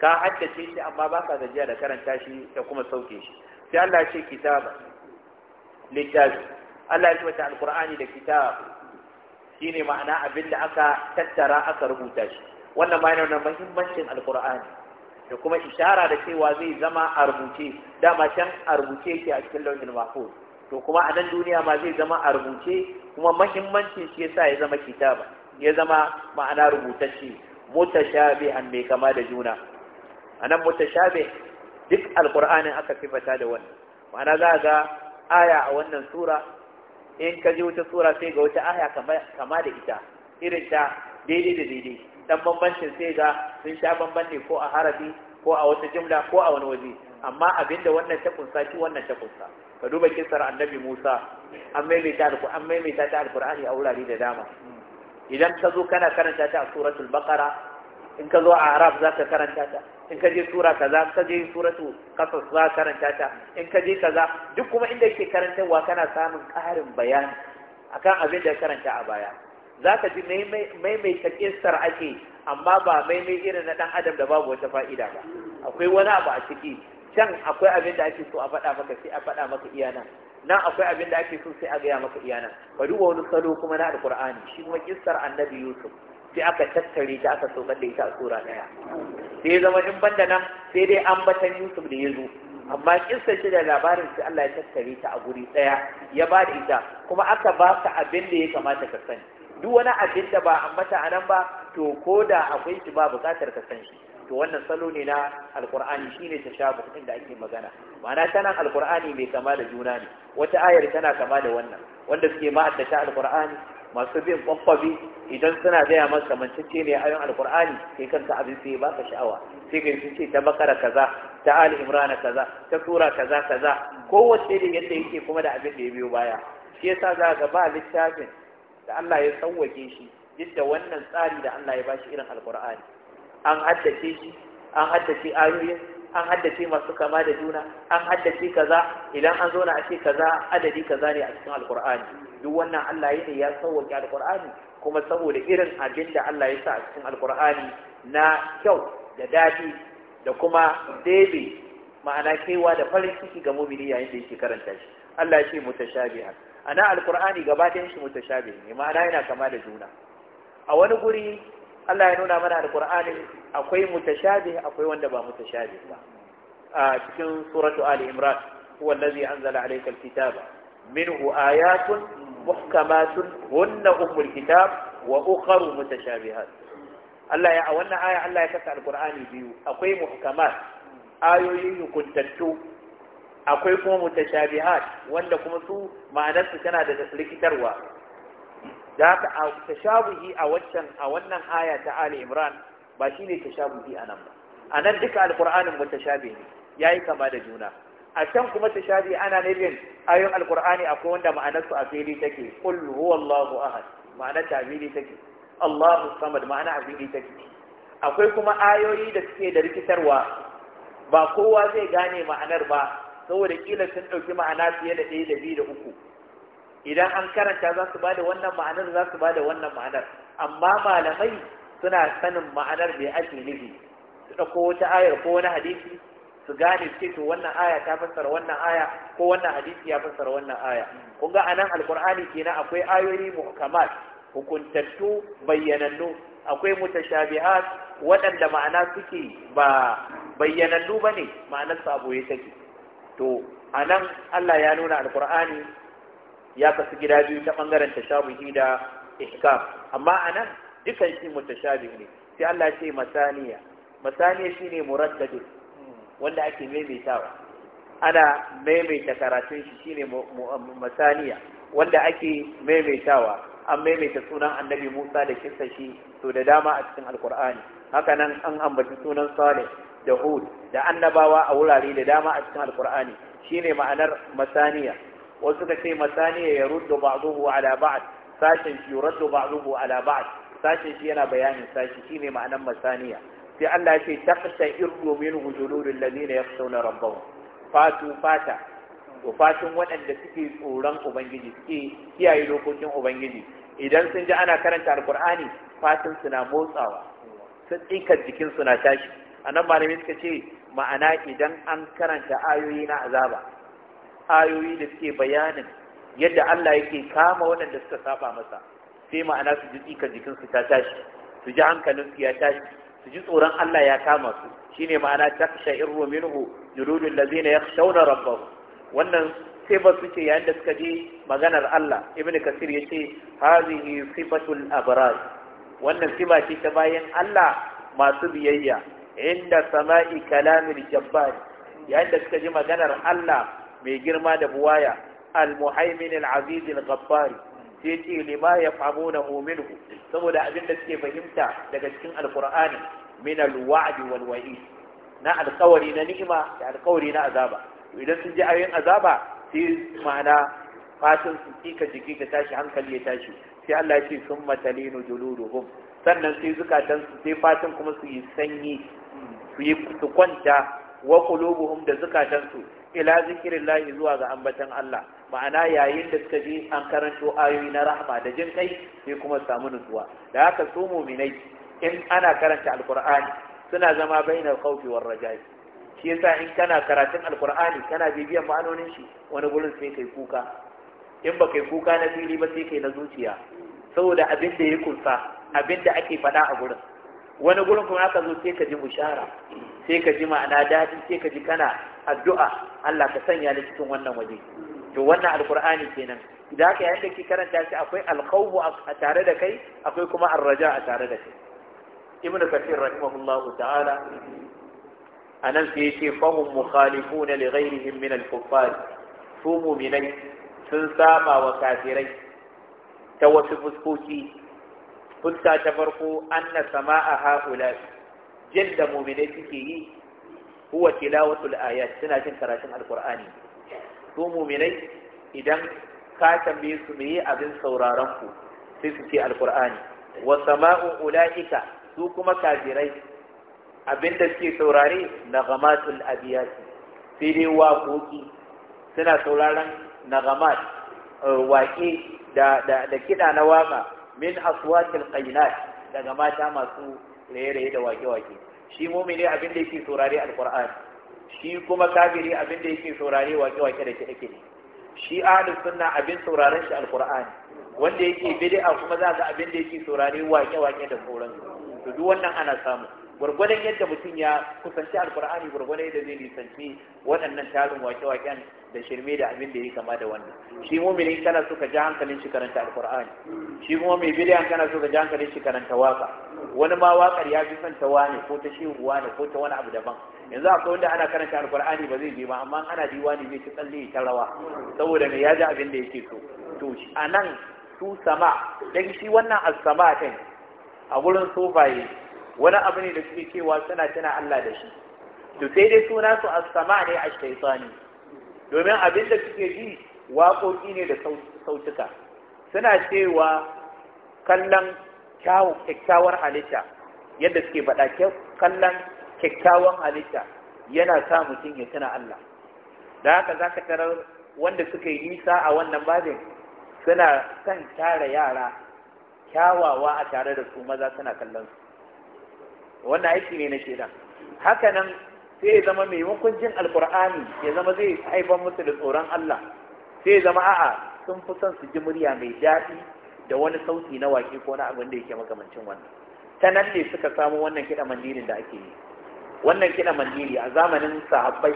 ka haddace shi amma ba ka gajiya da karanta shi da kuma sauke shi sai Allah ce kitaba littafi Allah ya wata alqur'ani da kitab shine ma'ana abin da aka tattara aka rubuta shi wannan ma yana muhimmancin alqur'ani da kuma ishara da cewa zai zama a rubuce dama can a rubuce ke a cikin launin mahfuz to kuma a nan duniya ma zai zama a rubuce kuma muhimmancin shi yasa ya zama kitaba ya zama ma'ana rubutacce mutashabihan mai kama da juna anan mutashabih duk alqur'anin aka sifata da wannan ma'ana za ga aya a wannan sura in ka ji wata sura sai ga wata aya kama da ita irin ta daidai da daidai dan bambancin sai ga sun sha bambanci ko a harafi ko a wata jumla ko a wani waje amma abinda wannan ta kunsa shi wannan ta kunsa ka duba kisar annabi Musa an maimaita ta alqur'ani a wurare da dama idan ka zo kana karanta ta a suratul baqara in ka zo a araf za ka karanta ta in ka je sura kaza ka je suratu kasas za ka karanta ta in ka je kaza duk kuma inda yake karantarwa kana samun ƙarin bayani akan abin da karanta a baya za ka ji maimaita kistar ake amma ba maimai irin na dan adam da babu wata fa'ida ba akwai wani abu a ciki can akwai abin da ake so a faɗa maka sai a faɗa maka iya nan nan akwai abin da ake so sai a gaya maka iyana ba duba wani salo kuma na alkur'ani shi kuma kissar annabi yusuf sai aka tattare ta aka so da ita a tsora daya sai ya zama in banda nan sai dai ambatan yusuf da ya zo amma kissar shi da labarin sai Allah ya tattare ta a guri ɗaya ya ba da ita kuma aka ba ka abin da ya kamata ka sani duk wani abin da ba ambata a nan ba to ko da akwai shi ba bukatar ka san shi to wannan salo ne na alqur'ani shine tashabuh din da ake magana ma'ana tana alkur'ani mai kama da juna ne wata ayar tana kama da wannan wanda suke ma'addata alkur'ani masu bin kwakwabi idan suna gaya masa mantacce ne ayon alkur'ani sai kanka abin sai ba ka sha'awa sai ka sun ce ta bakara kaza ta ali imrana kaza ta tura kaza kaza kowace da yadda yake kuma da abin da ya biyo baya shi yasa za ka ba littafin da Allah ya sauwake shi duk da wannan tsari da Allah ya bashi irin alkur'ani an haddace shi an haddace ayoyin an haddace masu kama da juna an haddace kaza idan an zo na a kaza adadi kaza ne a cikin alkur'ani duk wannan Allah yake ya sauwake alkur'ani kuma saboda irin abin Allah ya sa a cikin alkur'ani na kyau da dadi da kuma daidai ma'ana kewa da farin ciki ga mumini yayin da yake karanta shi Allah ya ce ana alkur'ani gabatin shi mutashabihi ne ma'ana yana kama da juna a wani guri Allah ya nuna mana Alƙur'ani akwai mutashabih akwai wanda ba mutashabih ba a cikin suratu ali imran huwa allazi anzala alayka alkitaba minhu ayatun muhkamatun hunna ummul kitab wa ukharu mutashabihat Allah ya a wannan aya Allah ya kasa alqur'ani biyu akwai muhkamat ayoyi hukuntattu akwai kuma mutashabihat wanda kuma su ma'anarsu tana da likitarwa. da haka a tashabuhi a waccan a wannan aya ta Ali Imran ba shine tashabuhi anan ba anan duka alqur'anin mutashabihi yayi kama da juna a can kuma tashabi ana nufin ayoyin alqur'ani akwai wanda ma'anarsu a fili take qul huwallahu ahad ma'anar ta fili take Allahu samad ma'ana a fili take akwai kuma ayoyi da suke da rikitarwa ba kowa zai gane ma'anar ba saboda kila sun dauki ma'ana fiye da ɗaya da biyu da uku idan an karanta za su bada wannan ma'anar za su bada wannan ma'anar amma malamai suna sanin ma'anar da ake nufi su ɗauko wata ayar ko wani hadisi su gane ce to wannan aya ta fassara wannan aya ko wannan hadisi ya fassara wannan aya kun ga anan alqur'ani kenan akwai ayoyi muhkamat hukuntattu bayyanannu akwai mutashabihat waɗanda ma'ana suke ba bayyanannu bane ma'anar su aboye take to anan Allah ya nuna alqur'ani ya kasu gida biyu ta ɓangaren ta tashabuhi da ihkam amma anan dukan shi mutashabih ne sai Allah ce masaniya masaniya shine muraddadu wanda ake maimaitawa ana maimaita karatun shi shine masaniya wanda ake maimaitawa an maimaita sunan annabi Musa da kisa shi to da dama a cikin alkur'ani haka nan an ambaci sunan Salih da Hud da annabawa a wurare da dama a cikin alkur'ani shine ma'anar masaniya wasu suka ce masaniya ya ruddu ba'duhu ala ba'd sashin shi yuraddu ba'duhu ala ba'd sashin shi yana bayanin sashi shine ma'anar masaniya sai Allah ya ce taqta irdu min hujulul ladina yakhshawna rabbahum fatu fata to fatun waɗanda suke tsoron ubangiji suke kiyaye lokacin ubangiji idan sun ji ana karanta alkur'ani fatun suna motsawa sun tsikar jikin suna tashi a nan malami suka ce ma'ana idan an karanta ayoyi na azaba ayoyi da suke bayanin yadda Allah yake kama waɗanda suka saba masa sai ma'ana su ji tsikan su ta tashi su ji su ya tashi su ji tsoron Allah ya kama su shine ma'ana taksha irru minhu juludul ladina yakhshawna rabbahum wannan sai ba su ce yayin da suka ji maganar Allah ibn kasir yace hazihi sifatul abrar wannan sifa ce ta bayan Allah masu biyayya inda sama'i kalamil jabbar yayin da suka ji maganar Allah mai girma da buwaya al-muhaimin al-aziz al-ghaffari sai ce lima yafhamunahu minhu saboda abin da suke fahimta daga cikin alkur'ani min al-wa'd wal wa'id na alƙawari na ni'ima da alƙawari na azaba idan sun ji ayoyin azaba sai ma'ana fatan su kika jiki ta tashi hankali ya tashi sai Allah ya ce summa talinu juluduhum sannan sai zukatan su sai fatan kuma su yi sanyi su yi su kwanta wa qulubuhum da zukatan su ila zikirin layi zuwa ga ambatan Allah ma'ana yayin da suka ji an karanto ayoyi na rahma da jin kai sai kuma samu nutsuwa da haka su muminai in ana karanta alqur'ani suna zama bainal khawfi war raja'i shi yasa in kana karatun alqur'ani kana bibiyan ma'anonin shi wani gurin sai kai kuka in ba kai kuka na fili ba sai kai na zuciya saboda abin da ya kunsa abin da ake faɗa a gurin wani gurin kuma aka zo sai ka ji bushara sai ka ji ma'ana daɗi sai ka ji kana addu'a Allah ka sanya ni cikin wannan waje to wannan alqur'ani kenan idan ka yayin karanta shi akwai alkhawfu a tare da kai akwai kuma arraja a tare da kai ibnu kathir rahimahullahu ta'ala anan sai yace fahum mukhalifuna li ghayrihim min al-kuffar su mu'minai sun saba wa kafirai ta wasu fuskoki fuska ta farko anna sama'a ha'ula'i jadda mu'minai suke yi huwa tilawatul ayat suna jin karatun alqur'ani su mu'minai idan ka tambaye su me abin sauraron ku sai su ce alqur'ani wa sama'u ulaika su kuma kafirai da suke saurare nagamatul abiyat sai dai waƙoƙi suna sauraron nagamat eh, waƙe da kiɗa na waƙa min aswatil qainat daga mata masu raye-raye da wake-wake shi mumini abin da yake saurare alkur'an shi kuma kafiri abin da yake saurare wake-wake da kiɗe-kiɗe shi ahlus sunna abin sauraren shi alkur'an wanda yake bid'a kuma za ga abin da yake saurare wake-wake da sauran to duk wannan ana samu gwargwadon yadda mutum ya kusanci alkur'ani gwargwadon yadda zai nisanci waɗannan tarin wake-waken da shirme da abin da ya kama da wannan shi mumini kana suka ka ji hankalin shi karanta alkur'ani shi kuma mai bidiyan kana suka ka ji hankalin shi karanta waka wani ma wakar ya fi son ta wane ko ta shehu wane ko ta wani abu daban yanzu akwai wanda ana karanta alkur'ani ba zai je ba amma ana wani zai ci tsalle ta rawa saboda mai ya ji abin da yake so to a nan su sama dan shi wannan asama sama din a gurin sofaye wani abu ne da suke cewa suna tana Allah da shi to sai dai suna su asama ne a shaytani domin abin da suke ji waƙoƙi ne da sautuka suna cewa kallon kyawun kyakkyawar halitta yadda suke faɗa kallon kyakkyawan halitta yana sa mutum ya tuna Allah da haka za ka tarar wanda suka yi nisa a wannan babin suna son tara yara kyawawa a tare da su maza suna kallon su wannan aiki ne na shedan haka nan sai ya zama mai jin alkur'ani ya zama zai haifar musu da tsoron Allah sai ya zama a'a sun fi son su ji murya mai daɗi da wani sauti na wake ko na abin da yake makamancin wannan ta nan ne suka samu wannan kiɗa mandirin da ake yi wannan kiɗa mandiri a zamanin sahabbai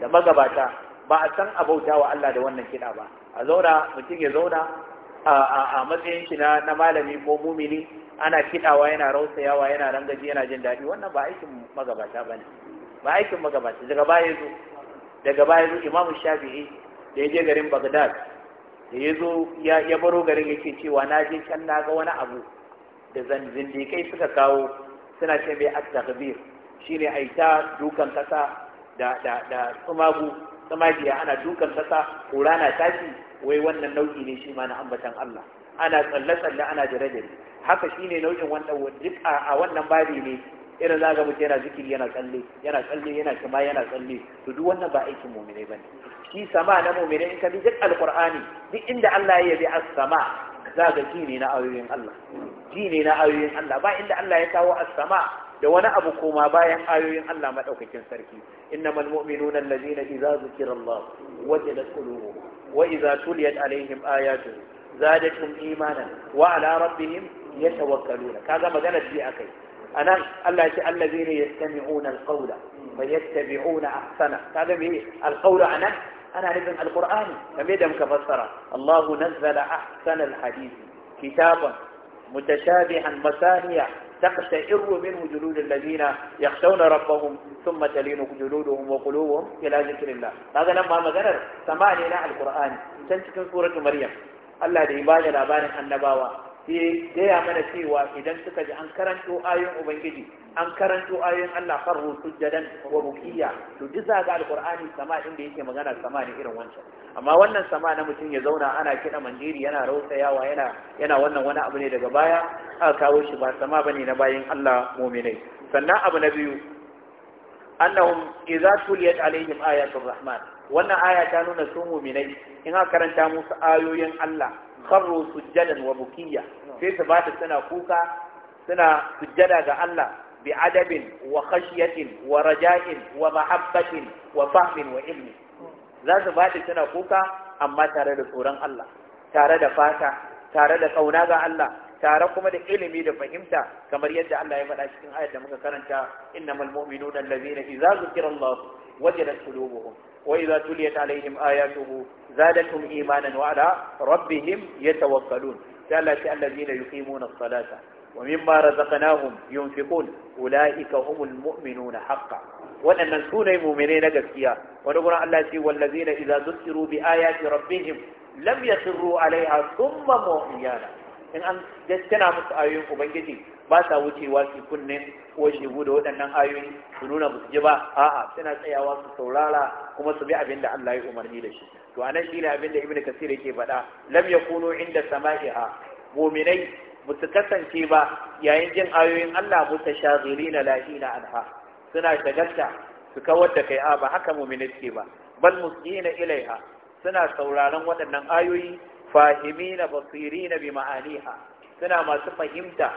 da magabata ba a san abauta wa Allah da wannan kiɗa ba a zauna mutum ya zauna a matsayin shi na malami ko mumini ana kiɗawa yana rausayawa yana rangaji yana jin daɗi wannan ba aikin magabata ba ne ba aikin magabata daga baya zo daga baya imamu shafi'i da ya je garin bagdad da ya zo ya baro garin yake cewa na je can na ga wani abu da zindikai suka kawo suna ce mai at-taghbir shine aita dukan kasa da da da tsumagu ana dukan kasa kura na tashi wai wannan nau'i ne shi ma na ambatan Allah ana tsalle tsalle ana jira-jira haka shine nau'in wannan duk a wannan babi ne irin za ga mutum yana zikiri yana tsalle yana tsalle yana kima yana tsalle to duk wannan ba aikin mu'minai bane shi sama na mu'minai in ka bi duk alqur'ani duk inda Allah ya bi as-sama za ga ji na ayoyin Allah ji na ayoyin Allah ba inda Allah ya kawo as-sama da wani abu koma bayan ayoyin Allah madaukakin sarki innamal mu'minuna allazina idza zukira Allah wajadat qulubuhum wa idza tuliyat alaihim ayatu zadatuhum imanan wa ala rabbihim yatawakkaluna kaga magana ce akai أنام الذين يستمعون القول ويتبعون أحسنه هذا به القول أنا أنا لازم القرآن لم يدم كفسره الله نزل أحسن الحديث كتابا متشابها مثانية تقشعر منه جلود الذين يخشون ربهم ثم تلين جلودهم وقلوبهم إلى ذكر الله هذا لما مذنر سمعني لا القرآن تنسكن سورة مريم الله يبالي لابانح النباوة sai gaya mana cewa idan suka ji an karanto ayoyin ubangiji an karanto ayoyin Allah farru sujjadan wa rukiya to duk zaga ga alqur'ani sama inda yake magana sama ne irin wancan amma wannan sama na mutum ya zauna ana kida mandiri yana yawa yana yana wannan wani abu ne daga baya aka kawo shi ba sama bane na bayin Allah mu'minai sannan abu na biyu annahum idza tuliyat alaihim ayatul rahman wannan aya ta nuna su mu'minai in aka karanta musu ayoyin Allah kharru sujjadan wa bukiya sai su bata suna kuka suna sujjada ga Allah bi adabin wa khashyatin wa raja'in wa mahabbatin wa fahmin wa ilmi za su bata suna kuka amma tare da tsoron Allah tare da fata tare da kauna ga Allah tare kuma da ilimi da fahimta kamar yadda Allah ya faɗa cikin ayat da muka karanta innamal mu'minuna allazina idza zukira Allah wajadat qulubuhum وإذا تليت عليهم آياته زادتهم إيمانا وعلى ربهم يتوكلون ثلاث الذين يقيمون الصلاة ومما رزقناهم ينفقون أولئك هم المؤمنون حقا وأن سنة مؤمنين قسيا ونقول الله سي والذين إذا ذكروا بآيات ربهم لم يصروا عليها ثم مؤمنين إن أن جسنا مسأيون أبنجدي ba sa wucewa su kunne ko shegu da waɗannan ayoyi su nuna ba su ji ba a'a suna tsayawa su saurara kuma su bi abin da Allah ya umarni da shi to anan shine abin da Ibn Kathir yake faɗa lam yakunu inda sama'iha mu'minai ba su kasance ba yayin jin ayoyin Allah mutashaghirina lahina anha suna shagalta su kawar da kai a ba haka mu'minai suke ba bal musjina ilaiha suna sauraron waɗannan ayoyi fahimina basirina bi ma'aniha suna masu fahimta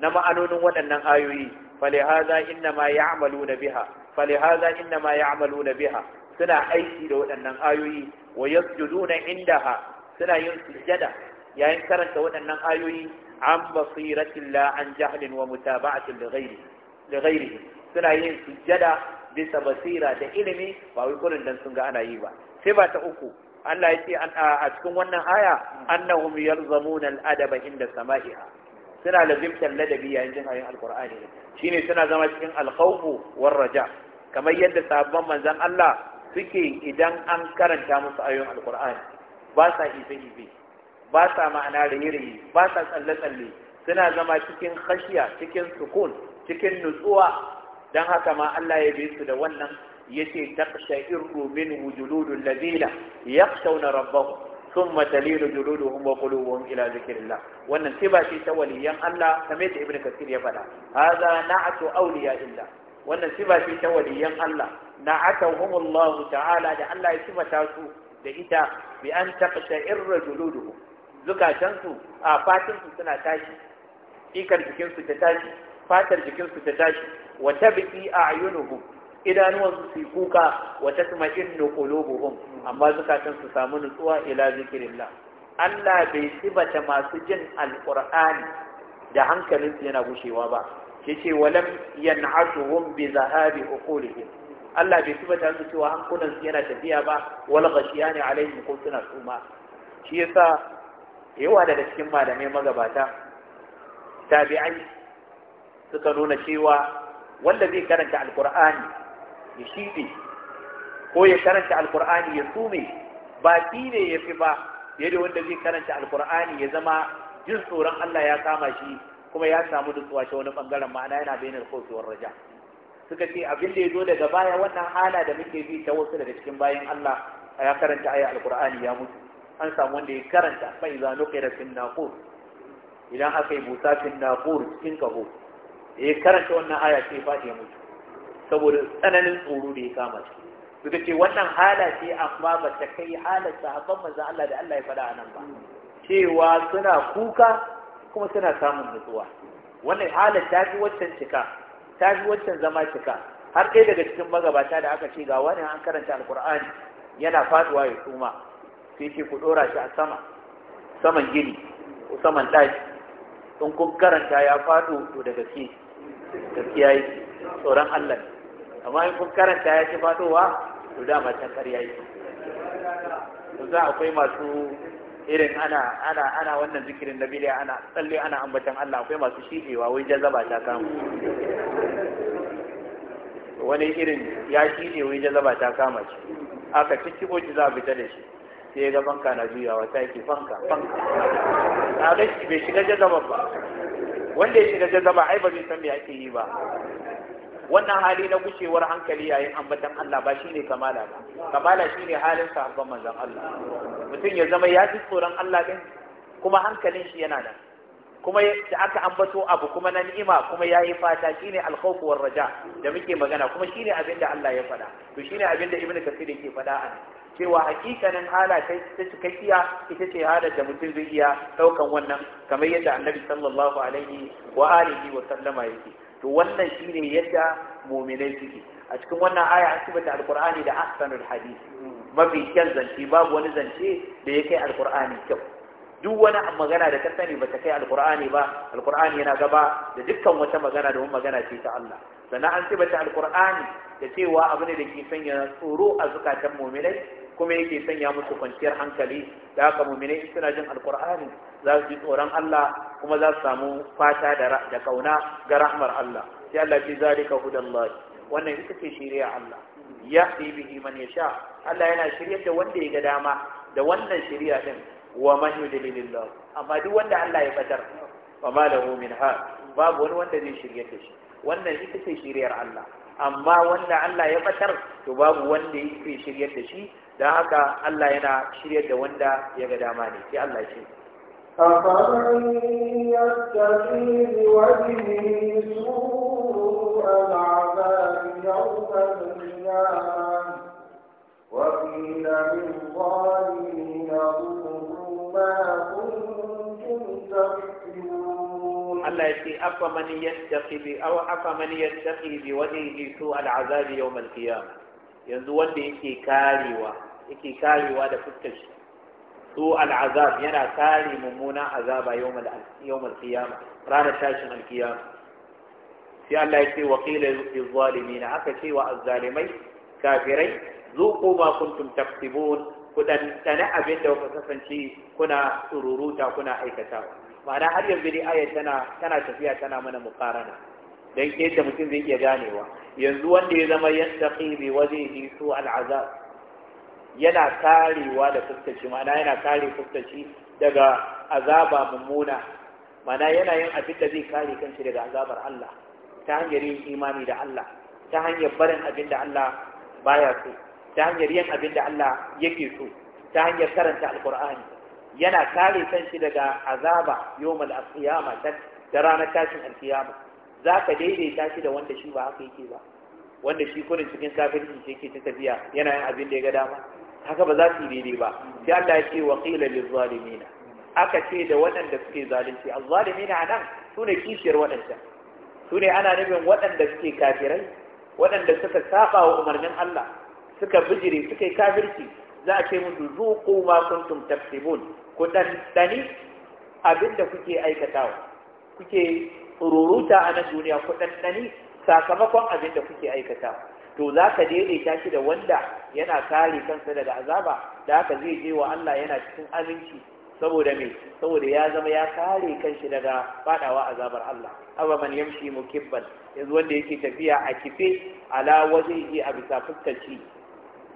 na ma'anonin waɗannan ayoyi falihaza inna ma na biha falihaza inna ma biha suna aiki da waɗannan ayoyi wa inda ha suna yin sujada yayin karanta waɗannan ayoyi an basiratin la an jahlin wa mutaba'atin li ghairihi suna yin sujjada bisa basira da ilimi ba wai kullun dan sun ga ana yi ba sai ba ta uku Allah ya ce a cikin wannan aya annahum yalzamuna al-adaba inda sama'iha suna zimtar ladabi yayin jin ayoyin alqur'ani shine suna zama cikin alkhawfu war raja kamar yadda sabon manzan Allah suke idan an karanta musu ayoyin alqur'ani ba sa ife-ife ba sa ma'ana raye-raye ba sa tsalle-tsalle suna zama cikin khashiya cikin sukun cikin nutsuwa don haka ma Allah ya bi su da wannan yace taqsha irru min wujuludul ladina yakhshawna rabbahum sun matalilu jururu hun ba ila zikirin wannan sai ba ta waliyan Allah kame ta ibn kasir ya faɗa haza na'atu ya illa wannan sai ba ta waliyan Allah na na'atu humullahu ta'ala da Allah ya sifata su da ita bi an taqta irra jururu zukatan su a fatin su suna tashi ikar jikin ta tashi fatar jikin su ta tashi wa tabqi a'yunuhu idanuwansu su kuka wa kolo buhun. amma zukatan su samu nutsuwa ila la Allah bai sibata masu jin Alƙur'ani da hankalin su yana gushewa ba ce walam yan'ashuhum bi zahabi uqulihim Allah bai sibata su cewa hankunan su yana tafiya ba wal ne, alaihim ko suna suma shi yasa yawa daga cikin malamai magabata tabi'ai suka nuna cewa wanda zai karanta Alƙur'ani. ya shiɗe ko ya karanta alkur'ani ya sume ba shi ne ya fi ba yadda wanda zai karanta alkur'ani ya zama jin tsoron Allah ya kama shi kuma ya samu nutsuwa ta wani bangaren ma'ana yana bainar kofiwar raja suka ce abin da ya zo daga baya wannan hala da muke bi ta wasu daga cikin bayan Allah ya karanta aya alkur'ani ya mutu an samu wanda ya karanta fa iza nuqira fil naqur idan aka yi busa naqur cikin kaho ya karanta wannan aya sai fa ya mutu saboda tsananin tsoro da ya kama shi suka ce wannan hala ce amma ba ta kai halar sahabban manzan Allah da Allah ya faɗa a nan ba cewa suna kuka kuma suna samun nutsuwa wannan halar ta fi waccan cika ta fi waccan zama cika har ɗaya daga cikin magabata da aka ce ga wani an karanta alkur'ani yana faduwa ya tsuma sai ce ku ɗora shi a sama saman gini ko saman ɗaki in kun karanta ya faɗo to da gaske gaskiya yi tsoron Allah ne amma in kun karanta ya ci fadowa to dama can ƙarya yi to za akwai masu irin ana ana ana wannan zikirin na biliya ana tsalle ana ambatan Allah akwai masu shiɗewa wai jazaba ta kama wani irin ya shiɗe wai jazaba ta kama shi aka cikin shi za a fita da shi sai ga banka na juyawa ta yake banka banka a gashi bai shiga jazaba ba wanda ya shiga jazaba ai ba zai san me ake yi ba wannan hali na gushewar hankali yayin ambatan Allah ba shine kamala ba kamala shine halin sahabban manzon Allah mutum ya zama ya ji tsoron Allah din kuma hankalin shi yana da kuma da aka ambato abu kuma na ni'ima kuma yayi fata shine al-khawf war raja da muke magana kuma shine abinda Allah ya faɗa to shine abinda ibnu kasir yake faɗa a cewa hakikanin hala ta cikakkiya ita ce halar da mutum zai iya ɗaukan wannan kamar yadda annabi sallallahu alaihi wa alihi wa sallama yake to wannan shine yadda mu'minai suke a cikin wannan aya an sibata alqur'ani da ahsanul hadisi. mafi kyan zance babu wani zance da ya kai alkur'ani kyau duk wani magana da ta sani bata kai alkur'ani ba alkur'ani yana gaba da dukkan wata magana domin magana ce ta Allah sannan an sibata alqur'ani da cewa abu ne da ke sanya tsoro a zukatan mu'minai kuma yake sanya musu kwanciyar hankali da haka muminai suna jin alkur'ani za su ji tsoron Allah kuma za su samu fata da kauna ga rahmar Allah sai Allah ce za zalika hudallahi wannan ita ce shirya Allah ya bihi man sha. Allah yana shiryar da wanda ya ga dama da wannan shirya din wa man yudlilillah amma duk wanda Allah ya fatar fa ma lahu min ha babu wani wanda zai shirya da shi wannan ita ce shiryar Allah amma wanda Allah ya fatar to babu wanda yake shiryar da shi da haka Allah yana shiryar da wanda ya ga dama ne sai Allah shi أفمن يتقي بوجهه سوء العذاب يوم القيامة وقيل للظالمين اذكروا ما كنتم تكسبون الله يقول أفمن يتقي ب... أو أفمن يتقي بوجهه سوء العذاب يوم القيامة ينزو وندي كاريوه yake karewa da fuskar shi su al'azab yana kare mummuna azaba yawmal qiyama ranar tashin alkiyama sai Allah ya ce wa qila aka ce wa azzalimai kafirai zuqu ma kuntum taktibun ku dan abin da kuka kasance kuna sururuta kuna aikatawa ma'ana har yanzu dai ayat tana tana tafiya tana mana mukarana dan yadda mutum zai iya ganewa yanzu wanda ya zama yattaqi bi yi su al'azab yana karewa da fuskaci ma'ana yana kare fuskaci daga azaba mummuna ma'ana yana yin abin da zai kare kanshi daga azabar Allah ta hanyar yin imani da Allah ta hanyar barin abin da Allah baya so ta hanyar yin abin da Allah yake so ta hanyar karanta alqur'ani yana kare kanshi daga azaba yawmal qiyama da ranar tashin alkiyama za ka daidaita shi da wanda shi ba haka yake ba wanda shi kurin cikin kafirci shi yake ta tafiya yana yin abin da ya ga dama haka ba za su yi daidai ba Ya ta ce wa qila lil aka ce da waɗanda suke zalunci A zalimin anan ne kishiyar waɗanda ne ana nufin waɗanda suke kafirai waɗanda suka saba wa umarnin Allah suka bijire suka yi kafirci za a ce musu zuqu ma kuntum tafsibun ku dan abinda kuke aikatawa kuke ruruta a nan duniya ku dan sakamakon abinda kuke aikatawa to za ka daidaita shi da wanda yana kare kansa daga azaba da haka zai je wa Allah yana cikin aminci saboda me saboda ya zama ya kare kanshi daga fadawa azabar Allah awa man yamshi mukibban yanzu wanda yake tafiya a kife ala wajhihi a bisa fuskarci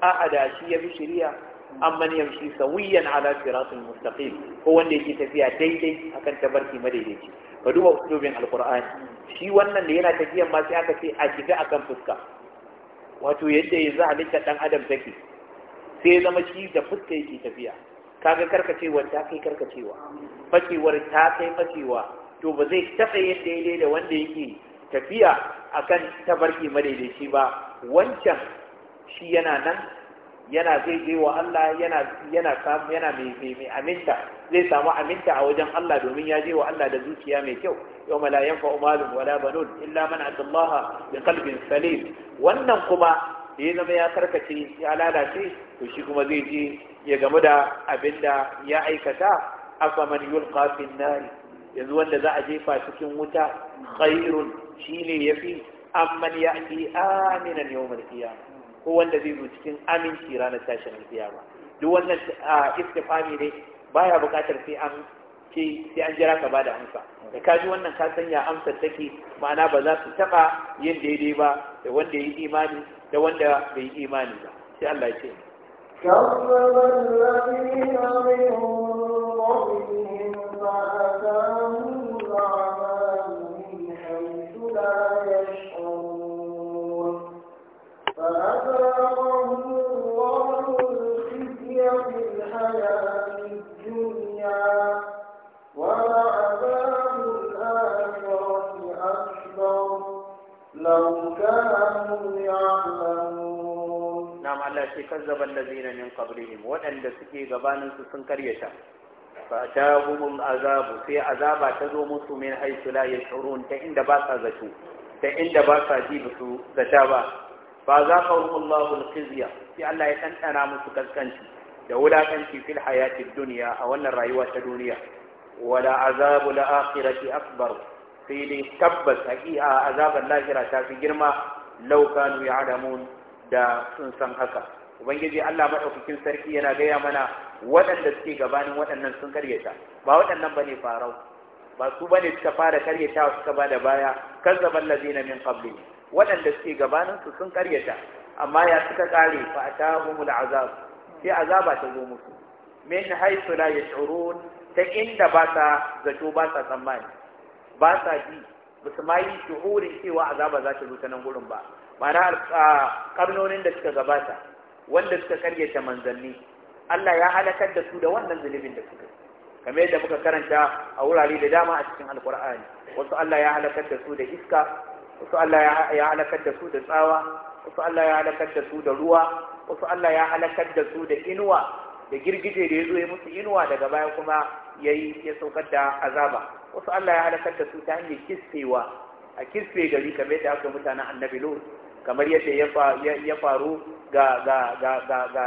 a shi ya bi shari'a amman yamshi sawiyan ala siratul mustaqim ko wanda yake tafiya daidai akan tabarki madaidaici ka duba usulubin alqur'ani shi wannan da yana tafiyan ma sai aka ce a kife akan fuska wato yadda ya a halittar ɗan adam take sai zama shi da fuska yake tafiya kaga karkacewa ta kai karkacewa fakewar ta kai fakewa to ba zai taɓa yadda daidai da wanda yake tafiya akan tabarki madaidaici ba wancan shi yana nan yana zai wa Allah yana yana samu yana mai aminta zai samu aminta a wajen Allah domin ya je wa Allah da zuciya mai kyau yawma la yanfa'u malun wala banun illa man atallaha bi qalbin salim wannan kuma da ya zama ya karkace ya lalace to shi kuma zai je ya gamu da abinda ya aikata afa man yulqa fi nari yanzu wanda za a jefa cikin wuta khairun shine yafi amman ya'ti aminan yawmal qiyamah ko wanda zai zo cikin aminci ranar tashin ba, duk wannan istifami ne baya buƙatar sai an ke sai an jira ka bada amsa da ka ji wannan ka sanya amsar take ma'ana ba za su taba yin daidai ba da wanda ya yi imani da wanda bai yi imani ba sai Allah ya ce كذب الذين فأتاهم العذاب من حيث لا ce kazzaba allazina min qablihim waɗanda suke gabaninsu sun karyata ta ta'ahum azabu sai azaba ta zo musu min haythu la yash'urun ta inda ba sa zato ta inda ba sa ji su zata ba fa zaqahum Allahu al sai Allah ya ɗanɗana musu kaskanci da wulakanci fil hayatid duniya a wannan rayuwa ta duniya wala azabu al-akhirati akbar sai dai tabbas haƙiƙa azabar lahira ta fi girma law kanu ya'lamun da sun san haka ubangiji Allah madaukakin sarki yana gaya mana waɗanda suke gabanin waɗannan sun karyata ba waɗannan bane farau ba su bane suka fara karyata suka bada baya kazzaban lazina min qabli waɗanda suke gabanin su sun karyata amma ya suka kare fa atahumul azab sai azaba ta zo musu min haythu la yash'urun ta inda ba zato ba tsammani ba sa ji ba su ma yi shuhurin cewa azaba za ta zo ta nan gurin ba ma'ana karnonin da suka gabata wanda suka karyata manzanni Allah ya halakar da su da wannan zulubin da suka kamar yadda muka karanta a wurare da dama a cikin alkur'ani wasu Allah ya halakar da su da iska wasu Allah ya halakar da su da tsawa wasu Allah ya halakar da su da ruwa wasu Allah ya halakar da su da inuwa da girgije da ya zo ya musu inuwa daga baya kuma ya yi ya saukar da azaba wasu Allah ya halakar da su ta hanyar kisfewa a kisfe gari kamar yadda aka mutanen annabi lut kamar yadda ya faru ga ga ga ga ga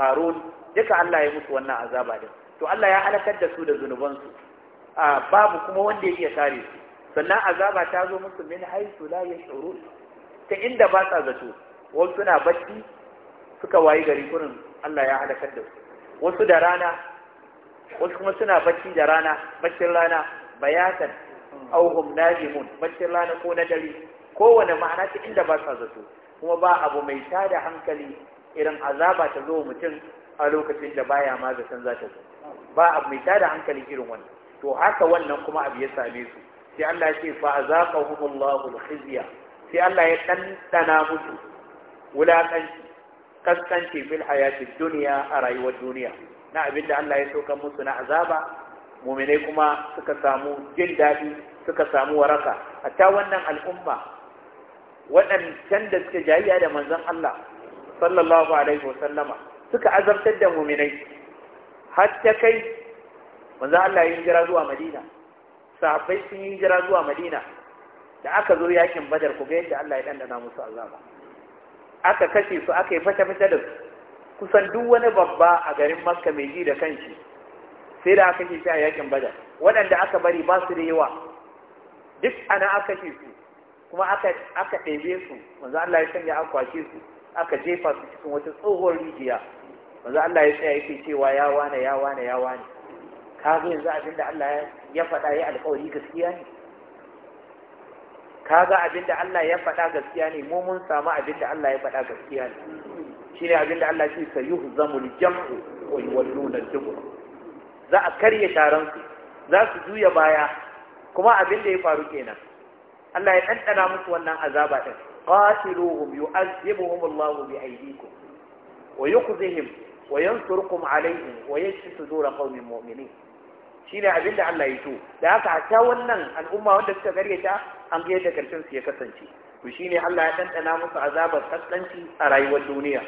qarun duka Allah ya musu wannan azaba din to Allah ya alakar da su da zunubansu babu kuma wanda ya iya kare su sannan azaba ta zo musu min haisu la yashurun ta inda ba sa zato wasu suna bacci suka wayi gari kurin Allah ya halakar da su wasu da rana wasu kuma suna bacci da rana baccin rana bayatan auhum najimun baccin rana ko na dare kowane ma'ana ta inda ba sa zato kuma ba abu mai tada hankali irin azaba ta zo mutum a lokacin da baya ma zaton za ta zo ba abu mai tada hankali irin wannan to haka wannan kuma abu ya same su sai Allah ya ce fa azaqahumullahu al-khizya sai Allah ya ɗanɗana musu wulaƙanci kaskanci fil hayatid duniya a rayuwar duniya na abin da Allah ya sauka musu na azaba muminai kuma suka samu jin daɗi suka samu waraka hatta wannan al'umma waɗancan da suka jayayya da manzon Allah sallallahu alaihi wasallama suka azabtar da muminai har ta kai manzon Allah ya jira zuwa Madina sahabbai sun yi jira zuwa Madina da aka zo yakin Badar ku ga yadda Allah ya na musu azaba aka kashe su aka yi fata-fata da su kusan duk wani babba a garin Makka mai ji da kanshi sai da aka kashe shi a yakin Badar waɗanda aka bari ba su da yawa duk ana aka kashe su kuma aka aka ɗebe su manzo Allah ya sanya an kwashe su aka jefa su cikin wata tsohuwar rijiya manzo Allah ya tsaya yake cewa ya wane ya wane ya wane ka ga yanzu abin da Allah ya faɗa ya alƙawari gaskiya ne ka ga abin da Allah ya faɗa gaskiya ne mu mun samu abin da Allah ya faɗa gaskiya ne shi ne abin da Allah ce sa yuhu ko jam'u wa yuwalluna dubur za a karya taron su za su juya baya kuma abin da ya faru kenan Allah ya ɗanɗana musu wannan azaba ɗin qatiluhum yu'azzibuhum Allahu bi aydikum wa yukhzihim wa yansurukum alaihim wa yashfi sudur qaumin mu'minin shine abin da Allah ya so da haka hatta wannan al'umma wanda suka garyata an ga yadda karshen su ya kasance to shine Allah ya ɗanɗana musu azabar kaskanci a rayuwar duniya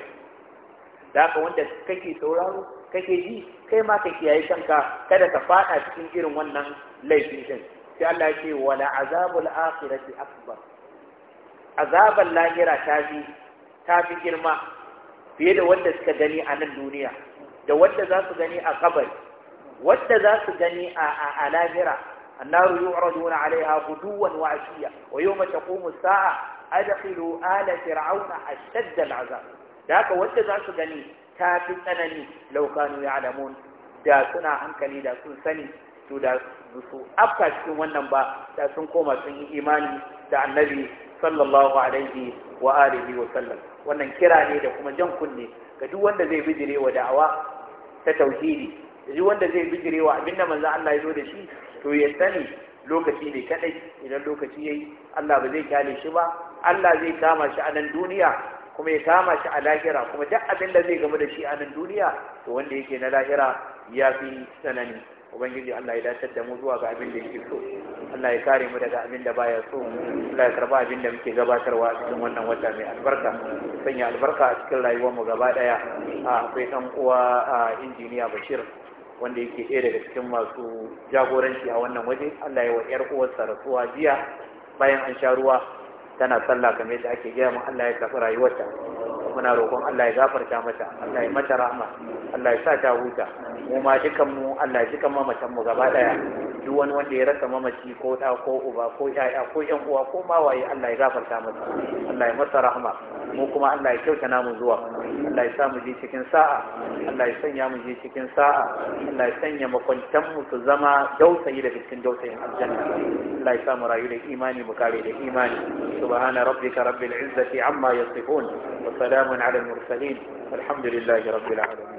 da haka wanda kake sauraro kake ji kai ma ka kiyaye kanka kada ka faɗa cikin irin wannan laifin sai Allah ce wala azabul akhirati akbar azabal lahira ta fi girma fiye da wanda suka gani a nan duniya da wanda za su gani a kabari wanda za su gani a a lahira annaru yu'raduna alaiha guduwan wa ashiya wa yawma taqumu saa adkhilu ala fir'auna ashadda al-azab da haka wanda za su gani ta fi tsanani law kanu ya'lamun da suna hankali da sun sani to da su afka cikin wannan ba da sun koma sun yi imani da annabi sallallahu alaihi wa alihi wa sallam wannan kira ne da kuma jan kunne ga duk wanda zai bijire wa da'awa ta tauhidi da duk wanda zai bijire wa abinda manzo Allah ya zo da shi to ya sani lokaci ne kadai idan lokaci yayi Allah ba zai kyale shi ba Allah zai kama shi a nan duniya kuma ya kama shi a lahira kuma duk abin da zai gamu da shi a nan duniya to wanda yake na lahira ya fi tsanani ubangiji Allah ya dace da mu zuwa ga abin da yake so Allah ya kare mu daga abin da baya so Allah ya karba abin da muke gabatarwa cikin wannan wata mai albarka sanya albarka a cikin rayuwar mu gaba daya a akwai dan uwa a injiniya Bashir wanda yake ɗaya daga cikin masu jagoranci a wannan waje Allah ya wa ƴar uwarsa rasuwa jiya bayan an sha ruwa tana sallah kamar yadda ake gaya mu Allah ya karɓi rayuwarta muna roƙon Allah ya gafarta mata Allah ya mata rahma Allah ya sa ta huta mu ma dukan mu Allah ya dukan mamatan mu gaba daya duk wani wanda ya rasa mamaci ko da ko uba ko yaya ko yan uwa ko ma waye Allah ya gafarta mata Allah ya mata rahma mu kuma Allah ya kyauta namu zuwa Allah ya sa mu je cikin sa'a Allah ya sanya mu je cikin sa'a Allah ya sanya makwantan mu su zama dausayi da cikin dausayin aljanna Allah ya sa mu rayu da imani mu kare da imani subhana rabbika rabbil izzati amma yasifun wa وسلام على المرسلين الحمد لله رب العالمين